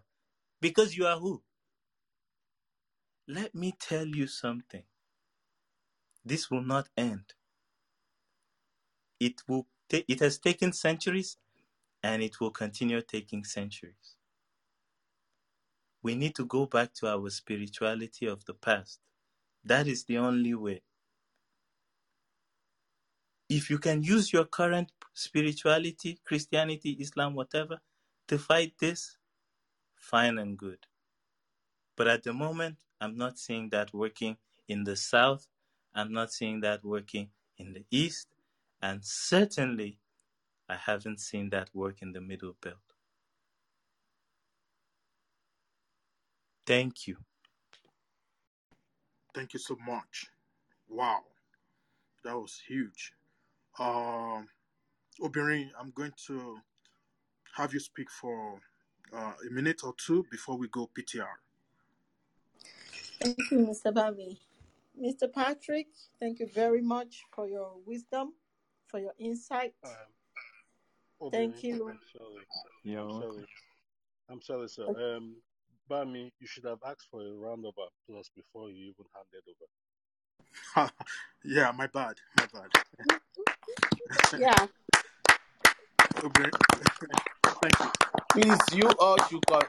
S1: because you are who? Let me tell you something. This will not end. It will ta- it has taken centuries and it will continue taking centuries. We need to go back to our spirituality of the past. That is the only way. If you can use your current spirituality, Christianity, Islam, whatever, to fight this, fine and good. But at the moment, I'm not seeing that working in the South. I'm not seeing that working in the East. And certainly, I haven't seen that work in the Middle Belt.
S2: Thank you. Thank you so much. Wow. That was huge. Um, Obirin, I'm going to have you speak for uh, a minute or two before we go PTR.
S5: Thank you, Mr. Bami. Mr. Patrick, thank you very much for your wisdom, for your insight. Um, thank you. I'm
S2: sorry. I'm sorry. I'm sorry, sir. Okay. Um, Bami, you should have asked for a round of applause before you even handed over. yeah, my bad. My bad. yeah. Please, you all you come.